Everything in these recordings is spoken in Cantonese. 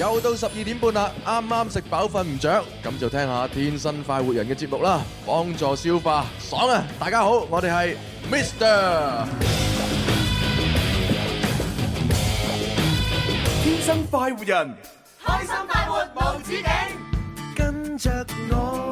又到十二點半啦，啱啱食飽瞓唔著，咁就聽下天生快活人嘅節目啦，幫助消化，爽啊！大家好，我哋係 Mr.，天生快活人，開心快活無止境，跟着我。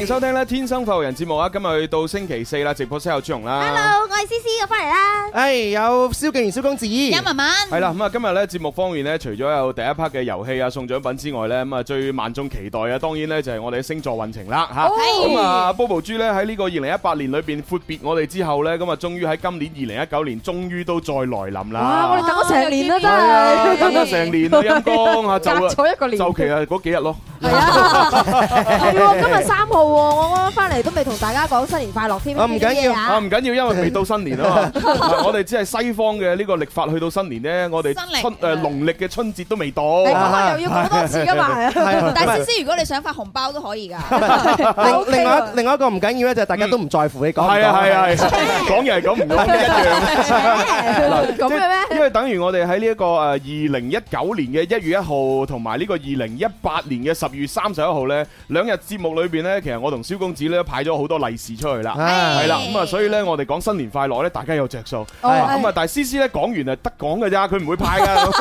歡迎收聽咧，《天生服務人》節目啊！今日去到星期四啦，直播室有朱紅啦。Hello，我係思思，我翻嚟啦。誒，有蕭敬仁、蕭公子、有文文。係啦，咁啊，今日咧節目方面咧，除咗有第一 part 嘅遊戲啊，送獎品之外咧，咁啊最萬眾期待啊，當然咧就係我哋嘅星座運程啦。吓，咁啊，波波豬咧喺呢個二零一八年裏邊闊別我哋之後咧，咁啊，終於喺今年二零一九年，終於都再來臨啦。我哋等咗成年啦，真係等咗成年啊！陰光啊，就咗一個年，就期啊，嗰幾日咯。係啊，今日三號。我啱啱翻嚟都未同大家講新年快樂添，啊唔緊要，啊唔緊要，因為未到新年啊嘛。我哋只係西方嘅呢個歷法去到新年咧，我哋春誒農曆嘅春節都未到。你講下又要講多次啊嘛？係啊。但係思思，如果你想發紅包都可以㗎。另外另外一個唔緊要咧，就大家都唔在乎你講唔講。係啊係啊係。講嘢係講唔一樣。咁嘅咩？因為等於我哋喺呢一個誒二零一九年嘅一月一號，同埋呢個二零一八年嘅十月三十一號咧，兩日節目裏邊咧，我同蕭公子咧派咗好多利是出去啦，係啦，咁啊，所以咧我哋講新年快樂咧，大家有着數，咁啊，但係 C C 咧講完啊得講嘅咋，佢唔會派啊。我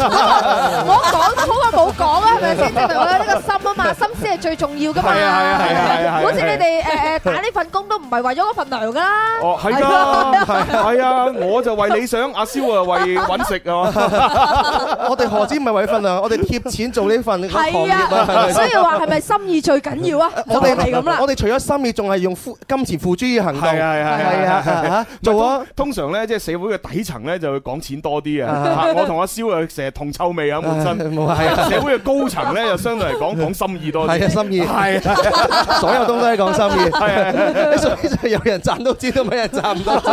講好過冇講啊，係咪先？因為呢個心啊嘛，心思係最重要噶嘛。係啊係啊係啊係啊，好似你哋誒誒打呢份工都唔係為咗嗰份糧噶啦。哦係啦，係啊，我就為理想，阿蕭啊為搵食啊。我哋何止唔係為份糧，我哋貼錢做呢份行業啊，所以話係咪心意最緊要啊？我哋係咁啦。我哋除咗心意，仲係用付金錢付諸於行動。係係係係嚇，做通常咧，即係社會嘅底層咧，就會講錢多啲啊。我同阿蕭啊，成日同臭味啊，本身冇係。社會嘅高層咧，又相對嚟講講心意多啲。係心意，係所有東西講心意。係啊，所以就有人賺都知都冇人賺唔到都。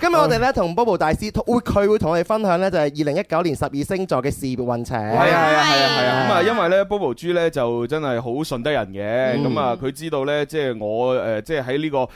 今日我哋咧同 Bobo 大師，會，佢會同我哋分享咧，就係二零一九年十二星座嘅事業運程。係啊係啊係啊！係啊，咁啊，因為咧 Bobo 豬咧。咧就真係好順得人嘅，咁啊佢知道咧，即係我誒，即係喺呢個誒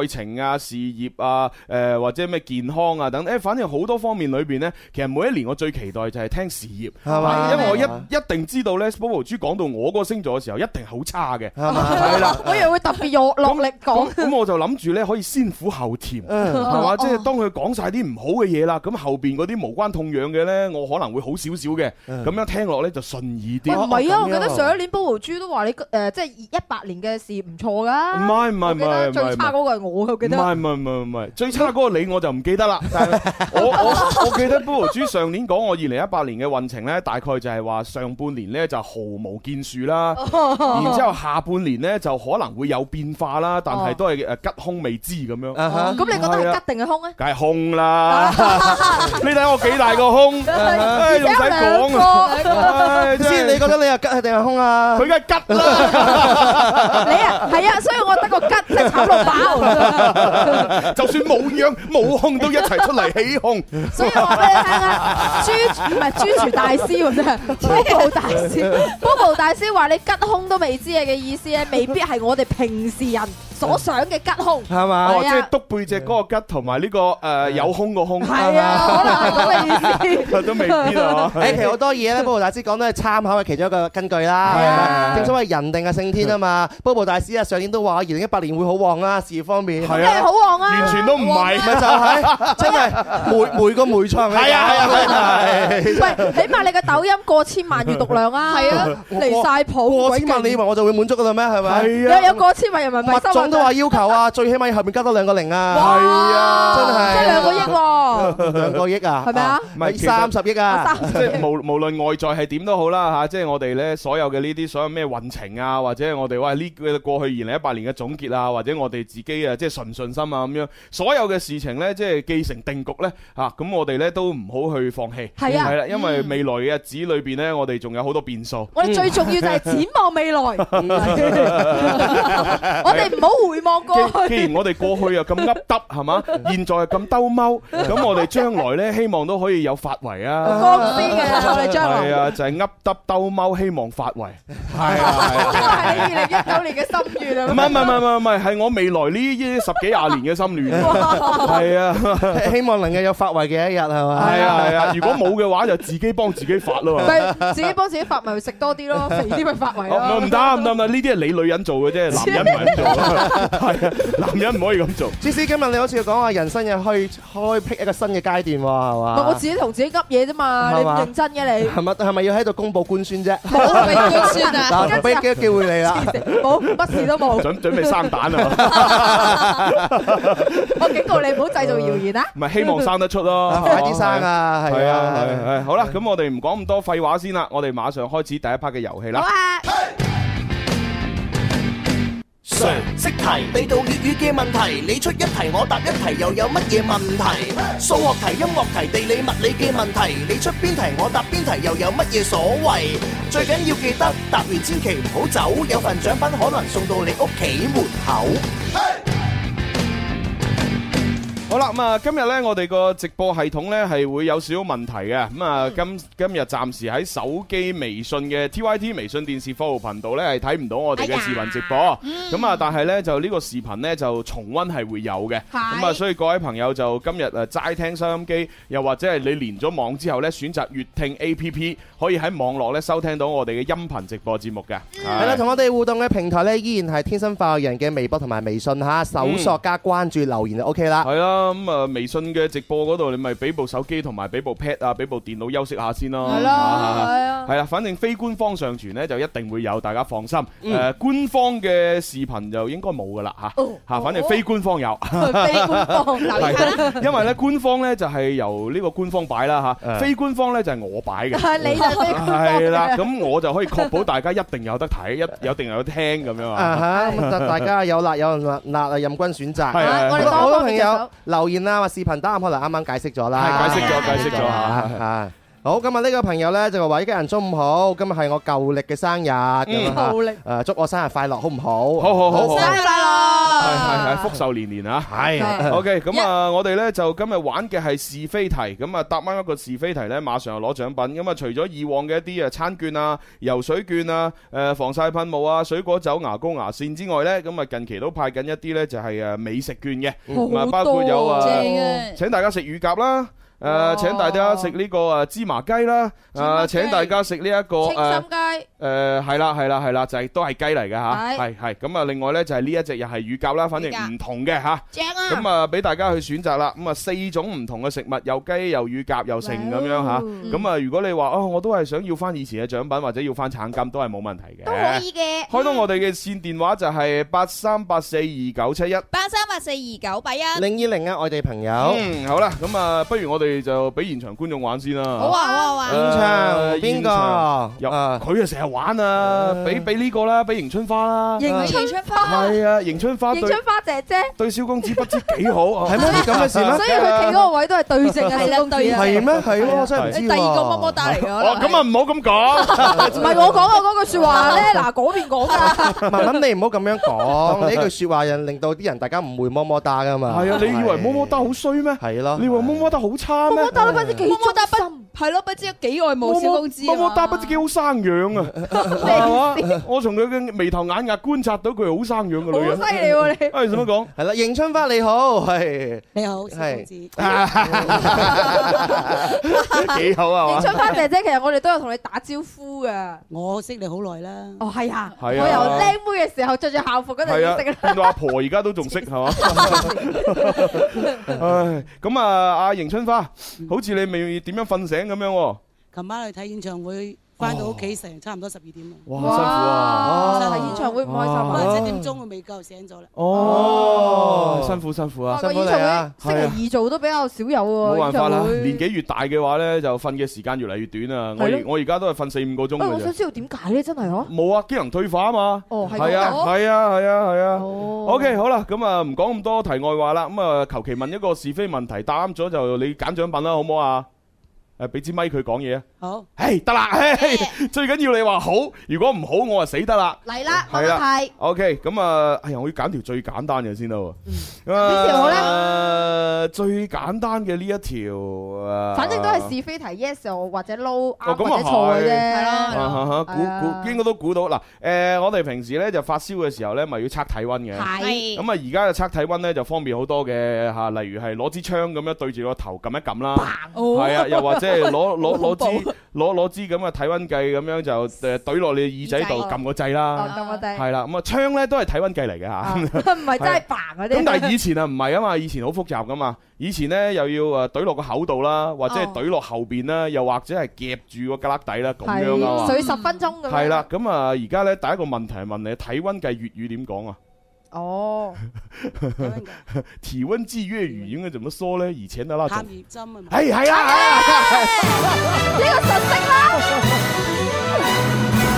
愛情啊、事業啊、誒或者咩健康啊等，誒反正好多方面裏邊咧，其實每一年我最期待就係聽事業，係嘛？因為我一一定知道咧，寶寶豬講到我嗰個星座嘅時候，一定好差嘅，係啦，我亦會特別用落力講。咁我就諗住咧可以先苦後甜，係嘛？即係當佢講晒啲唔好嘅嘢啦，咁後邊嗰啲無關痛癢嘅咧，我可能會好少少嘅，咁樣聽落咧就順耳啲。唔係啊，我覺得上年波豪豬都話你誒，即係一八年嘅事唔錯噶。唔係唔係唔係，最差嗰個係我記。唔係唔係唔係唔係，最差嗰個你我就唔記得啦。但係我我我記得波豪豬上年講我二零一八年嘅運程咧，大概就係話上半年咧就毫無建樹啦，然之後下半年咧就可能會有變化啦，但係都係誒吉凶未知咁樣。咁你覺得吉定係凶咧？梗係凶啦！你睇我幾大個凶！用唔使講啊！先你覺得你係吉定係凶？佢梗係吉啦，你啊，係啊，所以我得個吉，即係炒到爆，就算冇樣冇胸都一齊出嚟起胸，所以我俾你聽啊，專唔係專廚大師咁啫，波波大師，波波大師話你吉胸都未知啊。嘅意思咧，未必係我哋平時人所想嘅吉胸，係嘛？哦，即係督背脊嗰個吉同埋呢個誒有胸個胸啦，好難講意思，都未知咯，誒，其實好多嘢咧，波波大師講都係參考嘅其中一個根據啦。係啊，正所謂人定啊勝天啊嘛。Bobo 大師啊，上年都話二零一八年會好旺啊，事業方面係啊，好旺啊，完全都唔係咪就係真係每每個每場係啊係啊係。喂，起碼你嘅抖音過千萬閱讀量啊，係啊，離曬譜。過千萬你以為我就會滿足噶啦咩？係咪？係啊。又有過千萬人民幣。物眾都話要求啊，最起碼後面加多兩個零啊。係啊，真係即係兩個億，兩個億啊，係咪啊？唔係三十億啊，即係無無論外在係點都好啦嚇，即係我哋咧所有嘅。嘅呢啲所有咩運程啊，或者我哋話呢個過去二零一八年嘅總結啊，或者我哋自己啊，即係順唔順心啊咁樣，所有嘅事情咧，即係既成定局咧，嚇咁我哋咧都唔好去放棄，係啊，係啦，因為未來嘅日子裏邊咧，我哋仲有好多變數。我哋最重要就係展望未來，我哋唔好回望過去。既然我哋過去又咁噏耷係嘛，現在又咁兜踎，咁我哋將來咧希望都可以有發圍啊，係啊，就係噏耷兜踎，希望發圍。係，呢個係二零一九年嘅心願啊！唔係唔係唔係唔係，係我未來呢呢十幾廿年嘅心願。係啊，希望能夠有發圍嘅一日係嘛？係啊係啊，如果冇嘅話就自己幫自己發咯。自己幫自己發咪食多啲咯，肥啲咪發圍咯。唔得唔得唔得，呢啲係你女人做嘅啫，男人唔係咁做。係啊，男人唔可以咁做。思思今日你好似講話人生又可以開闢一個新嘅階段係嘛？唔係，我自己同自己噏嘢啫嘛，你唔認真嘅你係咪係咪要喺度公布官宣啫？算啦，我俾個機會你啦，冇乜事都冇，準準備生蛋啊！ 我警告你唔好製造謠言啊、呃！唔係希望生得出咯、啊，啊啊、快啲生啊！係啊，係、啊啊啊啊啊啊、好啦，咁我哋唔講咁多廢話先啦，我哋馬上開始第一 part 嘅遊戲啦。好吧常識題，地道粵語嘅問題，你出一題我答一題，又有乜嘢問題？數學題、音樂題、地理、物理嘅問題，你出邊題我答邊題，又有乜嘢所謂？最緊要記得，答完千祈唔好走，有份獎品可能送到你屋企門口。Hey! 好啦，咁、嗯、啊，今日呢，我哋個直播系統呢，係會有少少問題嘅，咁、嗯、啊，嗯、今今日暫時喺手機微信嘅 T Y T 微信電視服務頻道呢，係睇唔到我哋嘅視頻直播，咁啊、哎嗯嗯，但係呢，就呢個視頻呢，就重溫係會有嘅，咁啊是、嗯，所以各位朋友就今日啊齋聽收音機，又或者係你連咗網之後呢，選擇粵聽 A P P 可以喺網絡呢收聽到我哋嘅音頻直播節目嘅，係啦、嗯，同是我哋互動嘅平台呢，依然係天生化學人嘅微博同埋微信吓，搜索加關注留言就 O、OK、K 啦，嗯咁啊，微信嘅直播嗰度，你咪俾部手機同埋俾部 pad 啊，俾部電腦休息下先啦。係咯，係啊。係啊，反正非官方上傳咧就一定會有，大家放心。誒，官方嘅視頻就應該冇噶啦吓吓，反正非官方有。非官方，留意啦。因為咧，官方咧就係由呢個官方擺啦吓，非官方咧就係我擺嘅。係你就非官方嘅。係啦，咁我就可以確保大家一定有得睇，一有定有得聽咁樣啊。吓，大家有辣有唔辣，辣啊任君選擇。係啊，我哋多啲朋友。留言啦，或視頻答案可能啱啱解釋咗啦。係解釋咗，解釋咗吓係。好，今日呢個朋友咧就話，一家人中午好，今日係我舊歷嘅生日，嗯，好歷，誒，祝我生日快樂，好唔好？好好好，生日快樂，係係係，福壽連連啊！係，OK，咁啊，我哋咧就今日玩嘅係是非題，咁啊答啱一個是非題咧，馬上又攞獎品。咁啊，除咗以往嘅一啲啊餐券啊、游水券啊、誒防晒噴霧啊、水果酒、牙膏、牙線之外咧，咁啊近期都派緊一啲咧就係誒美食券嘅，咁啊包括有啊，請大家食乳鴿啦。誒、呃，請大家食呢、這個誒芝麻雞啦！誒芠 degli、啊，請大家食呢一個誒誒係啦係啦係啦，就係都係雞嚟嘅吓，係係咁啊、呃！另外呢、這個，就係呢一隻又係乳鴿啦，反正唔同嘅吓，咁啊俾大家去選擇啦。咁、哦、啊四種唔同嘅食物，有雞有乳鴿有成。咁樣吓。咁、嗯、啊，嗯嗯嗯、如果你話哦，我都係想要翻以前嘅獎品或者要翻獎金都係冇問題嘅，都可以嘅。開通我哋嘅線電話就係八三八四二九七一，八三八四二九八一零二零啊，外地朋友。好啦，咁啊，不如我哋。就俾現場觀眾玩先啦。好啊，好啊，玩，邊個？佢啊，成日玩啊。俾俾呢個啦，俾迎春花啦。迎迎春花。係啊，迎春花。迎春花姐姐對小公子不知幾好，係冇啲咁嘅事咩？所以佢企嗰個位都係對正嘅啦，公對啊。係咩？係咯，真係唔知。你第二個麼麼噠嚟咗？咁啊，唔好咁講。唔係我講啊，嗰句説話咧，嗱嗰邊講噶。文文，你唔好咁樣講呢句説話，引令到啲人，大家唔會麼麼噠噶嘛。係啊，你以為麼麼噠好衰咩？係咯。你話麼麼噠好差？我我打唔知幾忠心，係咯，不知幾愛慕少公子。我我打唔知幾好生養啊！我從佢嘅眉頭眼額觀察到佢係好生養嘅女人。好犀利喎！你，係點樣講？係啦，迎春花你好，係你好，係少公子，幾好啊！迎春花姐姐，其實我哋都有同你打招呼噶。我識你好耐啦。哦，係啊，我由靚妹嘅時候着住校服嗰陣識啊，變到阿婆而家都仲識係嘛？唉，咁啊，阿迎春花。 好似你未點樣瞓醒咁樣喎，琴晚去睇演唱會。返到屋企成差唔多十二點好辛苦啊！但係演唱會唔開心，可能七點鐘未夠醒咗啦。哦，辛苦辛苦啊，辛苦你啊，係啊。做都比較少有喎，冇辦法啦。年紀越大嘅話咧，就瞓嘅時間越嚟越短啊。我我而家都係瞓四五個鐘。我想知道點解咧？真係嗬。冇啊，機能退化啊嘛。哦，係啊，係啊，係啊，係啊。O K，好啦，咁啊唔講咁多題外話啦。咁啊，求其問一個是非問題，答咗就你揀獎品啦，好唔好啊？誒，俾支咪佢講嘢啊！好，誒，得啦，最緊要你話好，如果唔好，我啊死得啦！嚟啦，我都係。OK，咁啊，係我要揀條最簡單嘅先啦。嗯，邊條好咧？最簡單嘅呢一條誒，反正都係是非題，yes 或者 no，啱或者錯嘅啫。係咯，估估應該都估到。嗱，誒，我哋平時咧就發燒嘅時候咧，咪要測體温嘅。係。咁啊，而家嘅測體温咧就方便好多嘅吓，例如係攞支槍咁樣對住個頭撳一撳啦。係啊，又或者。即係攞攞攞支攞攞支咁嘅體溫計咁樣就誒懟落你耳仔度撳個掣、啊、啦，係、嗯、啦，咁啊槍咧都係體溫計嚟嘅嚇，唔係、啊、真係嘭嗰啲。咁但係以前啊唔係啊嘛，以前好複雜噶嘛，以前咧又要誒懟落個口度啦，或者係懟落後邊啦，又或者係夾住個格旯底啦，咁樣咯，水十分鐘咁樣。係啦、嗯，咁啊而家咧第一個問題係問你體溫計粵語點講啊？哦，咁樣噶，特 critically 體溫計粵語應該怎麼說呢？以前的那種探熱針啊，係係呢個實正啦。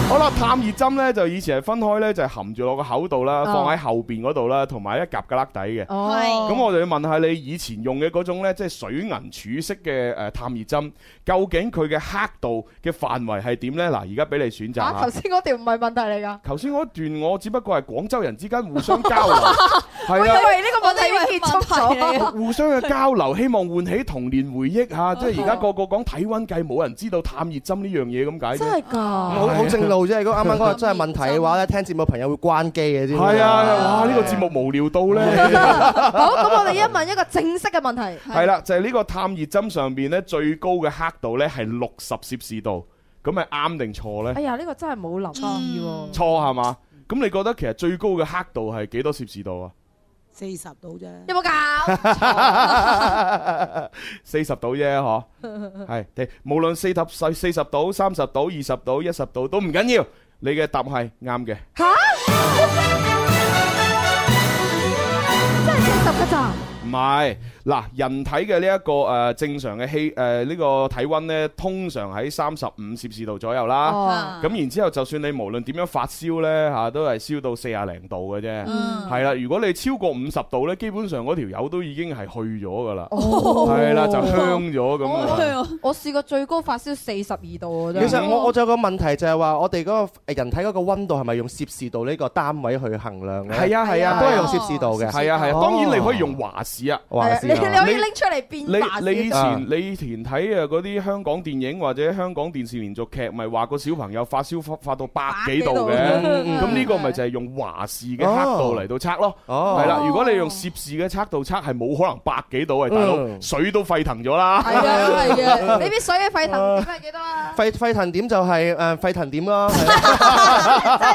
好啦，探熱針咧就以前係分開咧，就含住落個口度啦，放喺後邊嗰度啦，同埋一夾嘅甩底嘅。哦，咁我哋要問下你以前用嘅嗰種咧，即係水銀柱式嘅誒探熱針，究竟佢嘅刻度嘅範圍係點咧？嗱，而家俾你選擇嚇。頭先嗰條唔係問題嚟㗎。頭先嗰段我只不過係廣州人之間互相交流，係啊，因為呢個問題已經結束咗。互相嘅交流，希望喚起童年回憶嚇，即係而家個個講體温計，冇人知道探熱針呢樣嘢咁解。真係㗎，好好正路。即係嗰啱啱嗰個真係問題嘅話咧，聽節目朋友會關機嘅先。係啊，哇！呢個節目無聊到咧。好，咁我哋一問一個正式嘅問題。係啦，就係呢個探熱針上邊咧最高嘅刻度咧係六十攝氏度，咁係啱定錯咧？哎呀，呢個真係冇留意。錯係嘛？咁你覺得其實最高嘅刻度係幾多攝氏度啊？四十度啫，有冇搞？四十度啫嗬，係，無論四十四四十度、三十度、二十度、一十度都唔緊要，你嘅答係啱嘅。唔係嗱，人體嘅呢一個誒、呃、正常嘅氣誒呢、呃這個體溫咧，通常喺三十五攝氏度左右啦。咁、哦、然之後，就算你無論點樣發燒咧嚇、啊，都係燒到四廿零度嘅啫。嗯，係啦，如果你超過五十度咧，基本上嗰條友都已經係去咗噶啦。哦，係啦，就香咗咁。我試過最高發燒四十二度。其實我我仲有個問題就係話，我哋嗰個人體嗰個溫度係咪用攝氏度呢個單位去衡量咧？係啊係啊，啊，都係用攝氏度嘅。係啊係啊、哦、啊，當然你可以用華。指你可以拎出嚟變華氏啊，你以前你以前睇啊，嗰啲香港電影或者香港電視連續劇，咪話個小朋友發燒發發到百幾度嘅？咁呢個咪就係用華氏嘅刻度嚟到測咯。係啦，如果你用攝氏嘅刻度測，係冇可能百幾度嘅，大佬水都沸騰咗啦。係嘅，係嘅。呢啲水嘅沸騰點係幾多啊？沸沸騰點就係誒沸騰點啦，真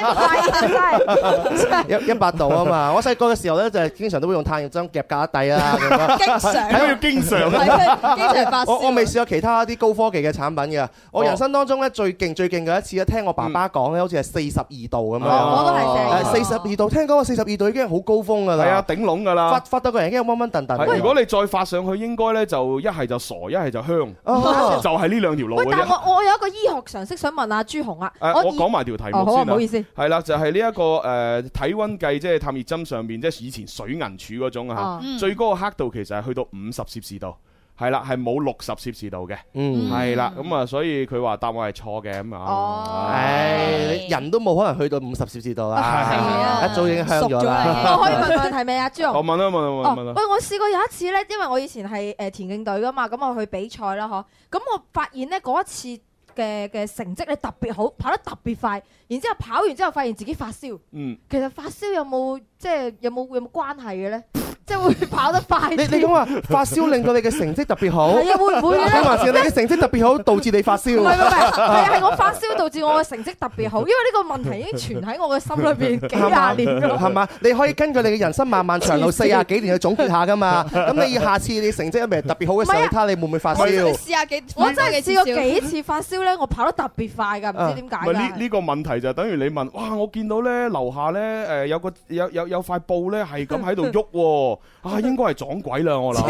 係一百度啊嘛。我細個嘅時候咧，就係經常都會用探熱針夾胳肋底。啊！經常，係咩？經常發，我我未試過其他啲高科技嘅產品嘅。我人生當中咧，最勁最勁嘅一次咧，聽我爸爸講咧，好似係四十二度咁啊！我都係四十二度。聽講個四十二度已經係好高峰噶啦，係啊，頂籠噶啦。發發到個人已經掹掹頓頓。如果你再發上去，應該咧就一係就傻，一係就香，就係呢兩條路。喂，但我有一個醫學常識想問阿朱紅啊。我講埋條題目先，唔好意思。係啦，就係呢一個誒體溫計，即係探熱針上面，即係以前水銀柱嗰種啊，最嗰個黑度其實係去到五十攝氏度，係啦，係冇六十攝氏度嘅，嗯，嗯，係啦，咁啊，所以佢話答案係錯嘅咁啊，哦、哎，係，人都冇可能去到五十攝氏度啦，係係啊，啊啊一早已經香咗啦， 可以問問題未啊，豬我問啦問喂、哦，我試過有一次咧，因為我以前係誒田徑隊噶嘛，咁我去比賽啦嗬，咁我發現咧嗰一次嘅嘅成績咧特別好，跑得特別快，然之後跑完之後發現自己發燒，嗯，其實發燒有冇？即係有冇有冇關係嘅咧？即係會跑得快啲。你你講話發燒令到你嘅成績特別好。係啊，會唔會咧？你話事，你成績特別好導致你發燒。唔係唔係，係係我發燒導致我嘅成績特別好。因為呢個問題已經存喺我嘅心裏邊幾廿年㗎。係嘛？你可以根據你嘅人生漫漫長路四廿幾年去總結下㗎嘛。咁你下次你成績係咪特別好嘅時候，睇下你會唔會發燒？試下幾，我真係試過幾次發燒咧，我跑得特別快㗎，唔知點解㗎。唔係呢呢個問題就等於你問，哇！我見到咧樓下咧誒有個有有。有塊布咧，係咁喺度喐，啊，應該係撞鬼啦！我諗，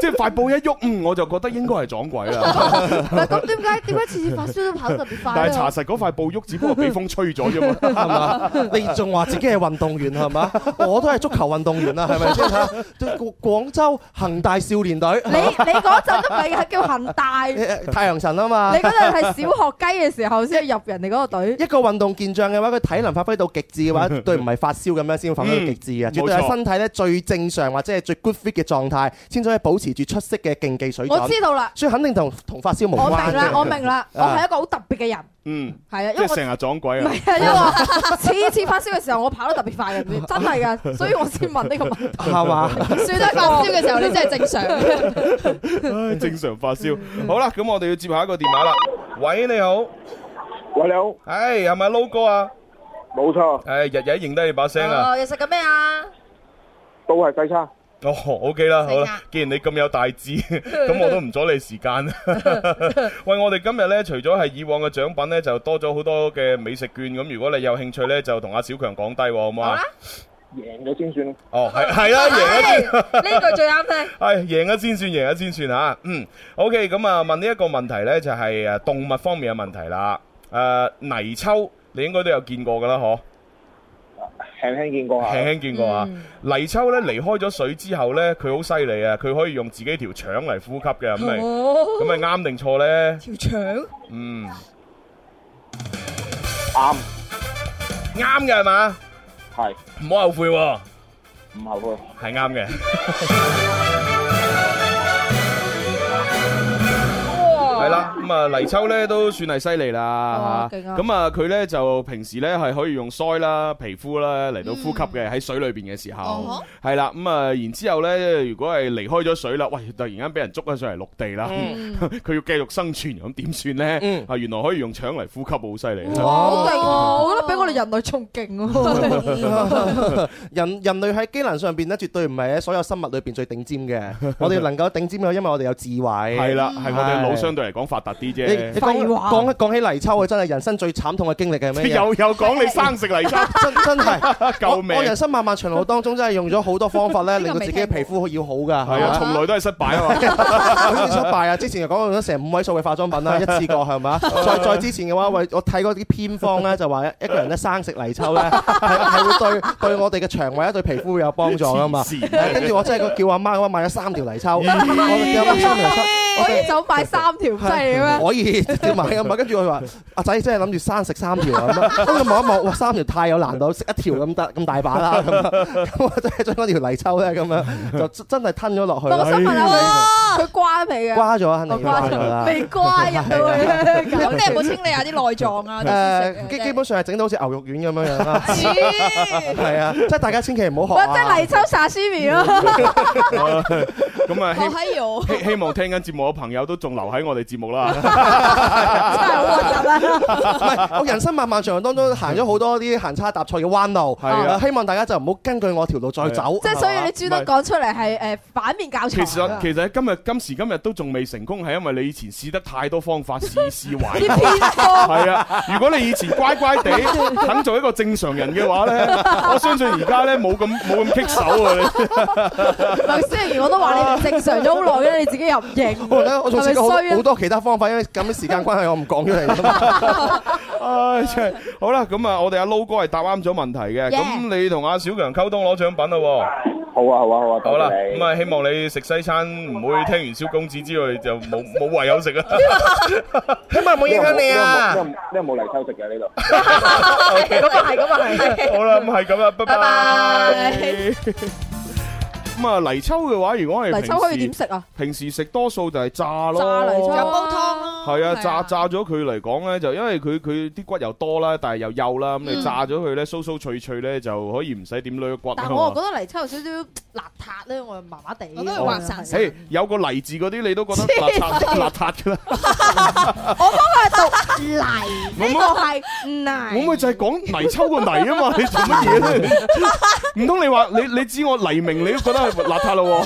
即係塊布一喐，嗯，我就覺得應該係撞鬼啦。咁點解點解次次發燒都跑得特別快？但係查實嗰塊布喐，只不過被風吹咗啫嘛，係嘛？你仲話自己係運動員係嘛？ 我都係足球運動員、即係、啊，係咪？即廣州恒大少年隊， 你你嗰陣都係叫恒大太陽神啊嘛？ 你嗰陣係小學雞嘅時候先入人哋嗰個隊，一個運動健將嘅話，佢體能發揮到極致嘅話。絕對唔係發燒咁樣先會發揮到極致啊。絕對係身體咧，最正常或者係最 good fit 嘅狀態，先可以保持住出色嘅競技水平。我知道啦，所以肯定同同發燒冇關。我明啦，我明啦，我係一個好特別嘅人。嗯，係啊，因為成日撞鬼啊。唔係啊，因為次次發燒嘅時候我跑得特別快嘅，真係噶，所以我先問呢個問題。係嘛？ 算得發燒嘅時候，你真係正常。正常發燒。好啦，咁我哋要接下一個電話啦。喂，你好，喂，你好，唉，係咪撈哥啊？冇錯，誒，日日、呃、都認得你把聲啊！哦，日食緊咩啊？都係計餐哦，OK 啦，好啦，差既然你咁有大志，咁 我都唔阻你時間。 喂，我哋今日咧，除咗係以往嘅獎品咧，就多咗好多嘅美食券。咁如果你有興趣咧，就同阿小強講好唔好嘛？贏咗先算哦，係係啦，贏咗，呢個、哎、 最啱聽、啊。係贏咗先算，贏咗先算吓。嗯，OK，咁、嗯、啊，問呢一個問題咧，就係誒動物方面嘅問題啦。誒、呃呃，泥鰍。你應該都有見過噶啦，嗬？輕輕見過啊，輕輕見過啊。泥鰍咧離開咗水之後咧，佢好犀利啊！佢可以用自己條腸嚟呼吸嘅，咁咪咁咪啱定錯咧？條腸？嗯，啱，啱嘅係嘛？係，唔好後悔，唔後悔，係啱嘅。係啦，咁啊泥鰍咧都算係犀利啦吓，咁啊佢咧就平時咧係可以用鰓啦、皮膚啦嚟到呼吸嘅，喺水裏邊嘅時候，係啦，咁啊然之後咧如果係離開咗水啦，喂突然間俾人捉咗上嚟陸地啦，佢要繼續生存咁點算咧？啊原來可以用腸嚟呼吸好犀利，哇！我覺得比我哋人類仲勁，人人類喺機能上邊咧絕對唔係喺所有生物裏邊最頂尖嘅，我哋能夠頂尖，因為我哋有智慧，係啦，係我哋腦相對。講發達啲啫，你講講講起泥鰍啊，真係人生最慘痛嘅經歷係咩？又又講你生食泥鰍，真真係，救命。我人生漫漫長路當中真係用咗好多方法咧，令到自己嘅皮膚要好噶，從來都係失敗啊嘛，失敗啊！之前又講用咗成五位數嘅化妝品啦，一次過係嘛？再再之前嘅話，為我睇嗰啲偏方咧，就話一個人咧生食泥鰍咧，係係會對對我哋嘅腸胃、一對皮膚會有幫助啊嘛？跟住我真係叫阿媽咁啊，買咗三條泥鰍，三條泥鰍。可以走快三條咩？可以買啊，跟住我話：阿仔真係諗住生食三條啊！跟住望一望，哇！三條太有難度，食一條咁得咁大把啦！咁我真係將嗰條泥鰍咧咁樣，就真係吞咗落去。落新聞啦！佢瓜未嘅？瓜咗啊！未瓜啊？未瓜入去。咁你有冇清理下啲內臟啊？誒，基基本上係整到好似牛肉丸咁樣樣啦。係啊，即係大家千祈唔好學啊！即泥鰍沙司味咯。咁啊，希希望聽緊節目朋友都仲留喺我哋節目啦， 真係好難得啦！我人生漫漫長路當中行咗好多啲行差踏錯嘅彎路，係是啊！希望大家就唔好根據我條路再走。即係所以你專登講出嚟係誒反面教材。其實是、啊、其實今日今時今日都仲未成功，係因為你以前試得太多方法，試試壞。係 哈哈 啊！如果你以前乖乖地 肯做一個正常人嘅話咧，我相信而家咧冇咁冇咁棘手啊！ 梁思如我都話你，你正常咗好耐啦，你自己又唔認。 我我仲識好好多其他方法，因為咁嘅時間關係，我唔講出嚟。唉，好啦，咁啊，我哋阿 Low 哥係答啱咗問題嘅。咁你同阿小強溝通攞獎品啦。好啊，好啊，好啊。好啦，咁啊，希望你食西餐唔會聽完蕭公子之外就冇冇胃口食啊。起碼冇影響你啊。呢個呢個冇嚟偷食嘅呢度。咁係，咁係。好啦，咁係咁啦，拜拜。咁啊，泥鰍嘅話，如果係泥鰍可以點食，啊？平時食多數就係炸咯，炸泥鰍又煲湯咯。係啊，炸炸咗佢嚟講咧，就因為佢佢啲骨又多啦，但係又幼啦，咁你炸咗佢咧，酥酥脆脆咧，就可以唔使點捋骨。但係我覺得泥鰍有少少邋遢咧，我又麻麻地。我都係話神，誒，有個泥字嗰啲，你都覺得邋遢，邋遢噶啦。我講係泥，呢個係泥。我咪就係講泥鰍個泥啊嘛，你做乜嘢咧？唔通你話你你知我黎明，你都覺得？邋遢咯，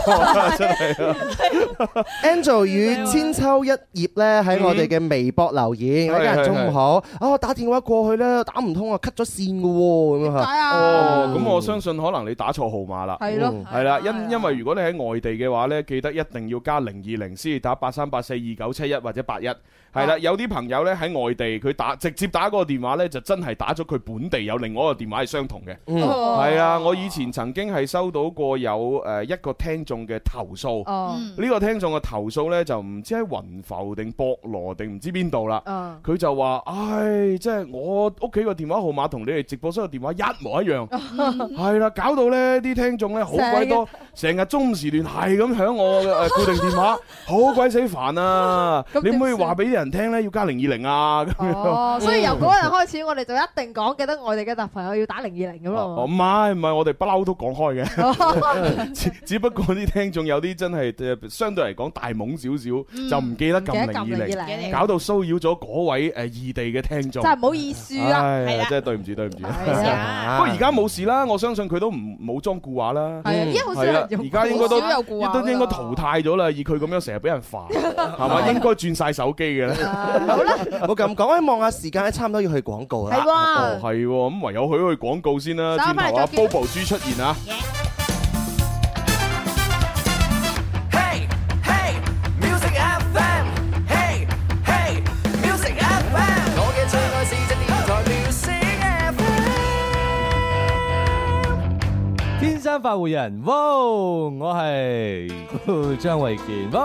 真係啊。Angel 與千秋一葉咧喺我哋嘅微博留言，嗯、一家人中午好。啊是、哦，打電話過去咧，打唔通啊，cut 咗線噶喎，咁啊。唔哦，咁、嗯、我相信可能你打錯號碼啦。係咯的，係啦、嗯，因為因為如果你喺外地嘅話咧，記得一定要加零二零，先要打八三八四二九七一或者八一。係啦，有啲朋友咧喺外地，佢打直接打嗰個電話呢，就真係打咗佢本地有另外一個電話係相同嘅。哦，係啊，我以前曾經係收到過有誒、呃、一個聽眾嘅投訴。呢、mm hmm. 個聽眾嘅投訴呢，就唔知喺雲浮定博羅定唔知邊度啦。佢、mm hmm. 就話，唉，即係我屋企個電話號碼同你哋直播室嘅電話一模一樣。係啦，mm hmm. 搞到呢啲聽眾呢，好鬼多，成日個中午時段係咁響我嘅固 定電話，好鬼 死煩啊！ 你唔可，可以話俾啲人？人聽咧要加零二零啊！哦，所以由嗰日開始，我哋就一定講記得我哋嘅朋友要打零二零咁咯。哦，唔係唔係，我哋不嬲都講開嘅。只不過啲聽眾有啲真係誒，相對嚟講大懵少少，就唔記得撳零二零，搞到騷擾咗嗰位誒異地嘅聽眾，真係唔好意思啊！係啊，真係對唔住對唔住。不過而家冇事啦，我相信佢都唔冇裝固話啦。係啊，而家好少有固話。而家應該都應該淘汰咗啦，以佢咁樣成日俾人煩，係嘛？應該轉晒手機嘅。好啦，我咁講，望下時間，差唔多要去廣告啦。係喎，係喎，咁唯有去去廣告先啦，知唔知啊？Bobo 豬出現啊！Hey Hey Music FM，Hey Hey Music FM，我嘅最愛是這電台 Music FM。天山發戶人，哇！我係張衛健，哇！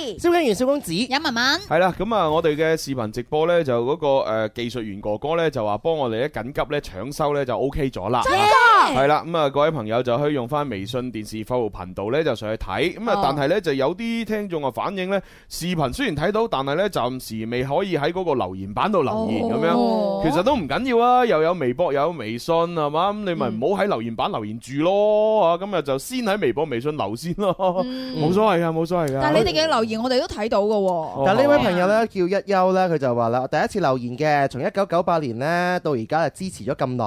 消防員小公子，尹文文，係啦，咁啊，我哋嘅視頻直播咧就嗰、嗰個誒、呃、技術員哥哥咧就話幫我哋咧緊急咧搶修咧就 O K 咗啦，係啦的，咁啊各位朋友就可以用翻微信電視服務頻道咧就上去睇，咁啊但係咧就有啲聽眾啊反映咧視頻雖然睇到，但係咧暫時未可以喺嗰個留言板度留言咁樣，其實都唔緊要啊，又有微博又有微信係嘛，咁你咪唔好喺留言板留言住咯，啊，今日就先喺微博微信留先咯，冇、嗯、所謂噶，冇所謂噶。謂，但係你哋嘅留言。我哋都睇到㗎喎，但係呢位朋友咧叫一休咧，佢就話啦，我第一次留言嘅，從一九九八年咧到而家係，支持咗咁耐，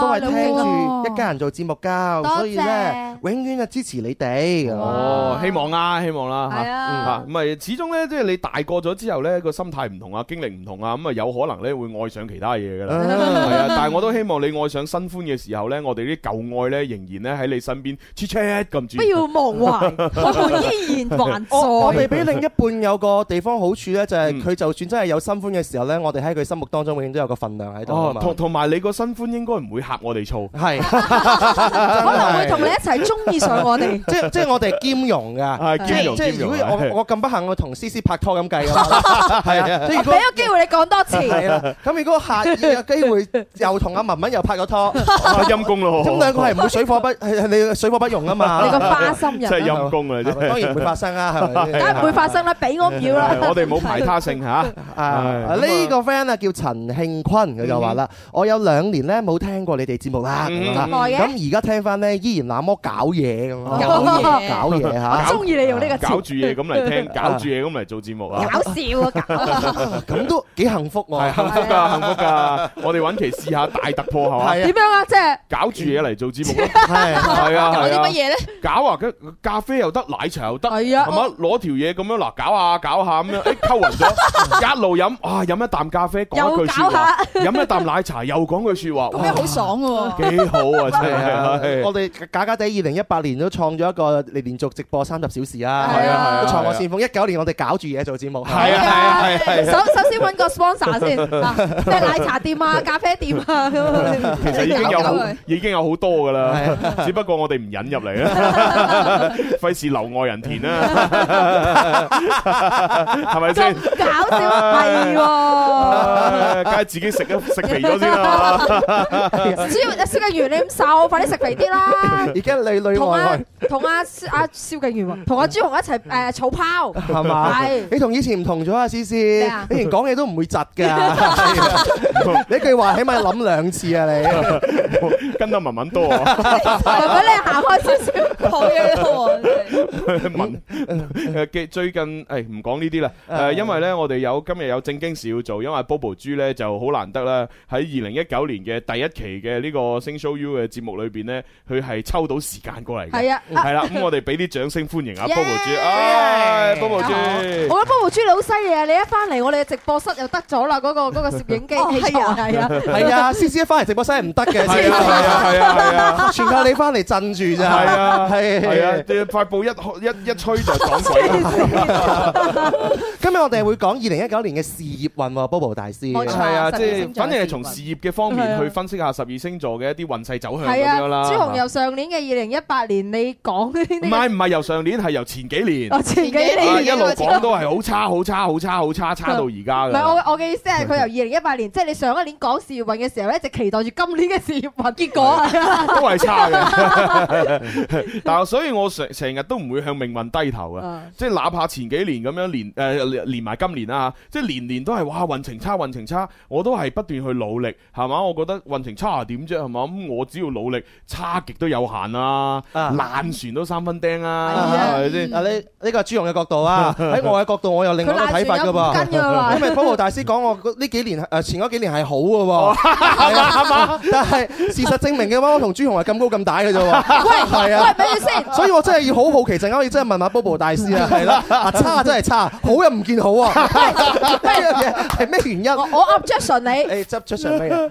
都係聽住一家人做節目㗎，所以咧永遠啊支持你哋。哦，希望啦，希望啦嚇嚇，唔係始終咧，即係你大個咗之後咧，個心態唔同啊，經歷唔同啊，咁啊有可能咧會愛上其他嘢㗎啦。係啊，但係我都希望你愛上新歡嘅時候咧，我哋啲舊愛咧仍然咧喺你身邊，切切咁住。不要忘懷，我依然還在。我哋俾另一半有個地方好處咧，就係佢就算真係有新歡嘅時候咧，我哋喺佢心目當中永遠都有個份量喺度，同同埋你個新歡應該唔會呷我哋醋，係可能會同你一齊中意上我哋。即即我哋兼容噶，兼容，如果我我咁不幸，我同 C C 拍拖咁計，係啊！俾個機會你講多次啦。咁如果下有機會又同阿文文又拍咗拖，陰公咯。咁兩個係唔會水火不你水火不容啊嘛！你個花心人真係陰公啊！當然唔會發生啦。係咪？唔會發生啦，俾我叫啦。我哋冇排他性嚇。啊，呢個 friend 啊叫陳慶坤，佢就話啦：我有兩年咧冇聽過你哋節目啦。咁而家聽翻咧，依然那麼搞嘢咁樣！搞嘢，搞嘢嚇。我中意你用呢個。搞住嘢咁嚟聽，搞住嘢咁嚟做節目啊！搞笑啊！咁都幾幸福喎！幸福㗎，幸福㗎！我哋揾期試下大突破嚇。點樣啊？即係搞住嘢嚟做節目。係啊係啊！搞啲乜嘢咧？搞啊！咖咖啡又得，奶茶又得，係啊，係嘛？攞條嘢咁樣嗱，搞下搞下咁樣，哎，溝勻咗，一路飲，哇，飲一啖咖啡，講一句説話，飲一啖奶茶，又講句説話，哇，好爽嘅喎，幾好啊！真係，我哋假假地二零一八年都創咗一個嚟連續直播三十小時啦，係啊係啊，創個先鋒，一九年我哋搞住嘢做節目，係啊係啊係啊，首首先揾個 sponsor 先，即係奶茶店啊，咖啡店啊，其實已經有，已經有好多嘅啦，只不過我哋唔引入嚟啦，費事留外人田啦。係咪先？搞笑係，梗係自己食啊，食肥咗先啦。主要阿蕭敬元你咁瘦，快啲食肥啲啦。而家你女同阿阿蕭敬元同阿朱紅一齊誒草拋係嘛？你同以前唔同咗啊，思思。以前講嘢都唔會窒噶，你一句話起碼諗兩次啊！你跟得文文多，如果你行開少少，好嘢最近誒唔講呢啲啦，誒因為咧我哋有今日有正經事要做，因為 Bobo 豬咧就好難得啦，喺二零一九年嘅第一期嘅呢個《星 Show You》嘅節目裏邊咧，佢係抽到時間過嚟嘅。係啊，係啦，咁我哋俾啲掌聲歡迎啊 Bobo 豬。啊，Bobo 豬，我覺得 Bobo 豬你好犀利啊！你一翻嚟我哋嘅直播室又得咗啦，嗰個嗰個攝影機係啊，係啊，係啊，C C 一翻嚟直播室係唔得嘅，係啊，係啊，全靠你翻嚟鎮住咋，係啊，係啊，啲塊布一一一吹就講鬼。 今日我哋會講二零一九年嘅事業運，Bobo、啊、大師係啊，錯即係反正係從事業嘅方面去分析下十二星座嘅一啲運勢走向咁樣啦、啊。朱紅由上年嘅二零一八年，你講呢啲唔係唔係由上年係由前幾年，我前幾年一路講都係好差好差好差好差差到而家嘅。我我嘅意思係佢由二零一八年，即係 你上一年講事業運嘅時候，一直期待住今年嘅事業運，結果 都係差嘅。 但係所以我成成日都唔會向命運低頭啊！ 即係哪怕前幾年咁樣，連誒連埋今年啊，即係年年都係哇運程差運程差，我都係不斷去努力係嘛？我覺得運程差點啫係嘛？咁我只要努力差極都有限啊，爛船都三分釘啊，係咪先？啊，呢呢個係朱紅嘅角度啊，喺我嘅角度，我有另外一個睇法噶噃。因為 Bobo 大師講我呢幾年誒前嗰幾年係好噶喎，係嘛？但係事實證明嘅話，我同朱紅係咁高咁大嘅啫喎。係啊，喂，俾你先。所以我真係要好好奇，陣間可以真係問下 Bobo 大師啊。係啦，差真係差，好又唔見好啊！係咩嘢？係咩原因？我 objection 你，你 objection 咩嘢？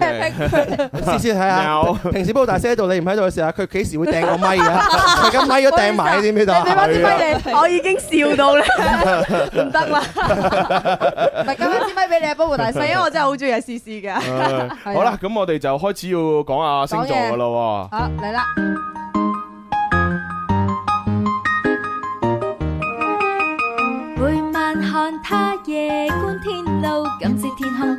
試試睇下，平時煲大 s 喺度，你唔喺度嘅時候，佢幾時會掟個咪啊？佢咁咪要掟埋嘅，知唔知？大家，我已經笑到咧，唔得啦！唔 咁 今支咪俾你啊，煲波大 s 因為我真係好中意阿思思嘅。好啦，咁我哋就開始要講下星座嘅啦。好嚟啦！每晚看他夜觀天路，感知天空。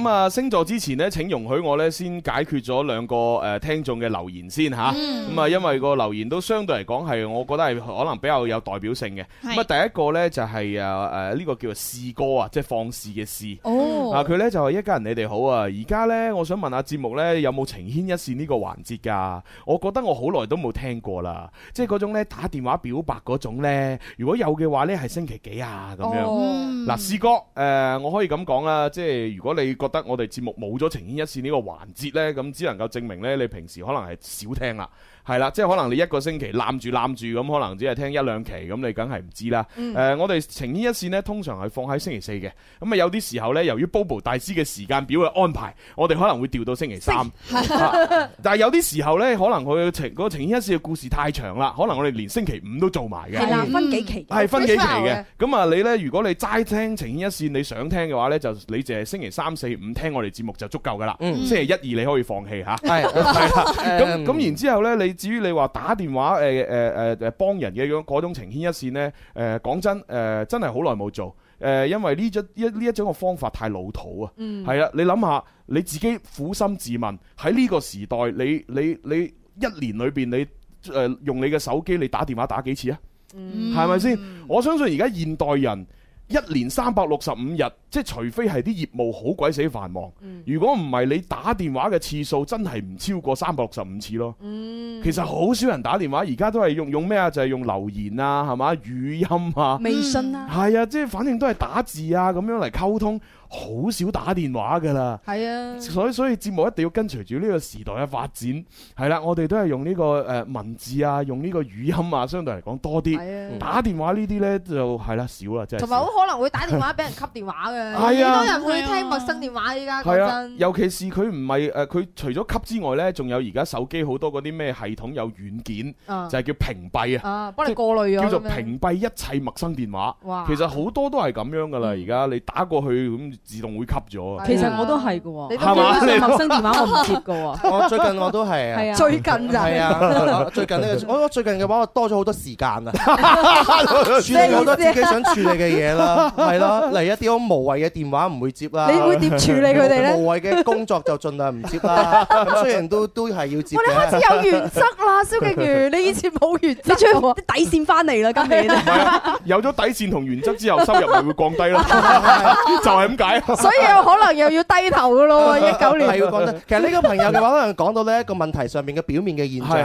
咁啊、嗯、星座之前咧，請容許我咧先解決咗兩個誒、呃、聽眾嘅留言先吓。咁啊、嗯嗯，因為個留言都相對嚟講係，我覺得係可能比較有代表性嘅。咁啊是、嗯，第一個咧就係啊誒呢個叫做詩哥、哦、啊，即係放肆嘅詩。哦，嗱佢咧就係一家人，你哋好啊。而家咧，我想問下節目咧有冇情牽一線呢個環節噶？我覺得我好耐都冇聽過啦。即係嗰種咧打電話表白嗰種咧，如果有嘅話咧，係星期幾啊咁樣？嗱、哦，詩哥、嗯，誒、呃、我可以咁講啦，即係如果你覺得我哋節目冇咗情牽一線呢個環節咧，咁只能夠證明咧，你平時可能係少聽啦。係啦，即係可能你一個星期攬住攬住咁，可能只係聽一兩期，咁你梗係唔知啦。誒，我哋情牽一線呢，通常係放喺星期四嘅。咁啊，有啲時候呢，由於 Bobo 大師嘅時間表嘅安排，我哋可能會調到星期三。但係有啲時候呢，可能佢情個情牽一線嘅故事太長啦，可能我哋連星期五都做埋嘅。係啦，分幾期。係分幾期嘅。咁啊，你呢，如果你齋聽情牽一線，你想聽嘅話呢，就你淨係星期三四五聽我哋節目就足夠噶啦。嗯。星期一二你可以放棄吓。係。係啦。咁咁然之後呢，你。至於你話打電話誒誒誒幫人嘅樣嗰種情牽一線呢，誒、呃，講真誒、呃，真係好耐冇做誒、呃，因為呢種一呢一種嘅方法太老土啊，係啊、嗯，你諗下你自己苦心自問喺呢個時代，你你你,你一年裏邊你誒、呃、用你嘅手機你打電話打幾次啊？係咪先？我相信而家現代人一年三百六十五日。即係除非係啲業務好鬼死繁忙，嗯、如果唔係你打電話嘅次數真係唔超過三百六十五次咯。嗯，其實好少人打電話，而家都係用用咩啊？就係、是、用留言啊，係嘛？語音啊，微信啊，係、嗯、啊，即係反正都係打字啊咁樣嚟溝通，好少打電話㗎啦。係啊所，所以所以節目一定要跟隨住呢個時代嘅發展係啦、啊。我哋都係用呢個誒文字啊，用呢個語音啊，相對嚟講多啲。啊嗯、打電話呢啲咧就係啦、啊、少啦，即係同埋好可能會打電話俾人 cut 電話。 係啊！多人會聽陌生電話依家？係啊，尤其是佢唔係誒，佢除咗吸之外咧，仲有而家手機好多嗰啲咩系統有軟件，就係叫屏蔽啊，幫你過濾啊，叫做屏蔽一切陌生電話。哇！其實好多都係咁樣噶啦，而家你打過去咁自動會吸咗。其實我都係嘅喎，你都見到陌生電話我唔接嘅喎。最近我都係啊。最近就係啊，最近咧，我我最近嘅話多咗好多時間啊，處理好多自己想處理嘅嘢啦，係咯，嚟一啲都冇。無謂嘅電話唔會接啦。你會點處理佢哋咧？無謂嘅工作就盡量唔接啦。雖然都都係要接。我哋開始有原則啦，蕭敬如，你以前冇原則，你追啲底線翻嚟啦，今年。有咗底線同原則之後，收入係會降低啦。就係咁解。所以可能又要低頭噶咯，一九年。係要降低。其實呢個朋友嘅話，可能講到呢一個問題上面嘅表面嘅現象，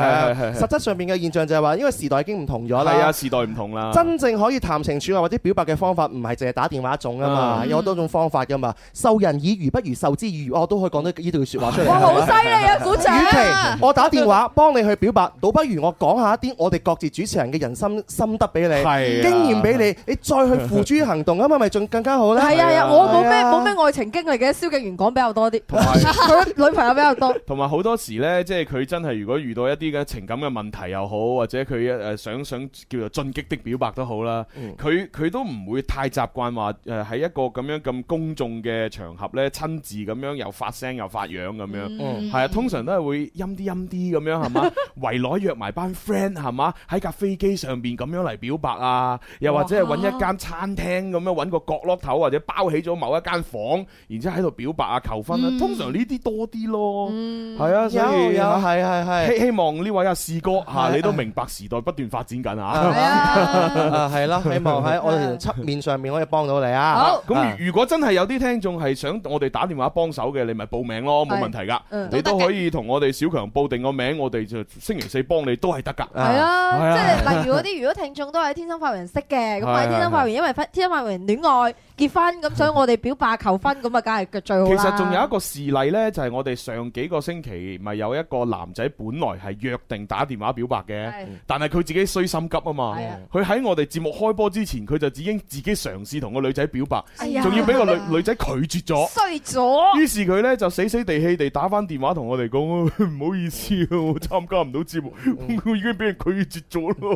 實質上面嘅現象就係話，因為時代已經唔同咗啦。係啊，時代唔同啦。真正可以談情處愛或者表白嘅方法，唔係淨係打電話一種啊嘛。好多種方法噶嘛，授人以魚不如授之以漁，我都可以講到呢段說話出嚟。哇，好犀利啊，股長！與其我打電話幫你去表白， 倒不如我講下一啲我哋各自主持人嘅人心心得俾你， 經驗俾你，你再去付諸行動咁，咪仲 更加好咧。係 啊係啊，我冇咩冇咩愛情經歷嘅，蕭敬元講比較多啲，同埋佢女朋友比較多。同埋好多時呢，即係佢真係如果遇到一啲嘅情感嘅問題又好，或者佢誒想想叫做進擊的表白好、嗯、都好啦，佢佢都唔會太習慣話誒喺一個咁。咁樣咁公眾嘅場合咧，親自咁樣又發聲又發樣咁樣，係啊，通常都係會陰啲陰啲咁樣，係嘛，圍內約埋班 friend，係嘛，喺架飛機上邊咁樣嚟表白啊，又或者係搵一間餐廳咁樣搵個角落頭，或者包起咗某一間房，然之後喺度表白啊求婚啊，通常呢啲多啲咯，係啊，所以係係係希望呢位阿士哥吓，你都明白時代不斷發展緊啊，係咯，希望喺我哋側面上面可以幫到你啊，好咁。如果真係有啲聽眾係想我哋打電話幫手嘅，你咪報名咯，冇問題噶，嗯、你都可以同我哋小強報定個名，我哋就星期四幫你都係得噶。係啊，即係例如嗰啲如果聽眾都係喺天生發源識嘅，咁喺天生發源，啊、因為天生發源戀愛。結婚咁，所以我哋表白求婚咁啊，梗係最好。其實仲有一個事例呢，就係我哋上幾個星期咪有一個男仔，本來係約定打電話表白嘅，但係佢自己衰心急啊嘛。佢喺我哋節目開播之前，佢就已經自己嘗試同個女仔表白，仲要俾個女女仔拒絕咗，衰咗。於是佢呢就死死地氣地打返電話同我哋講：唔好意思，我參加唔到節目，佢已經俾人拒絕咗咯。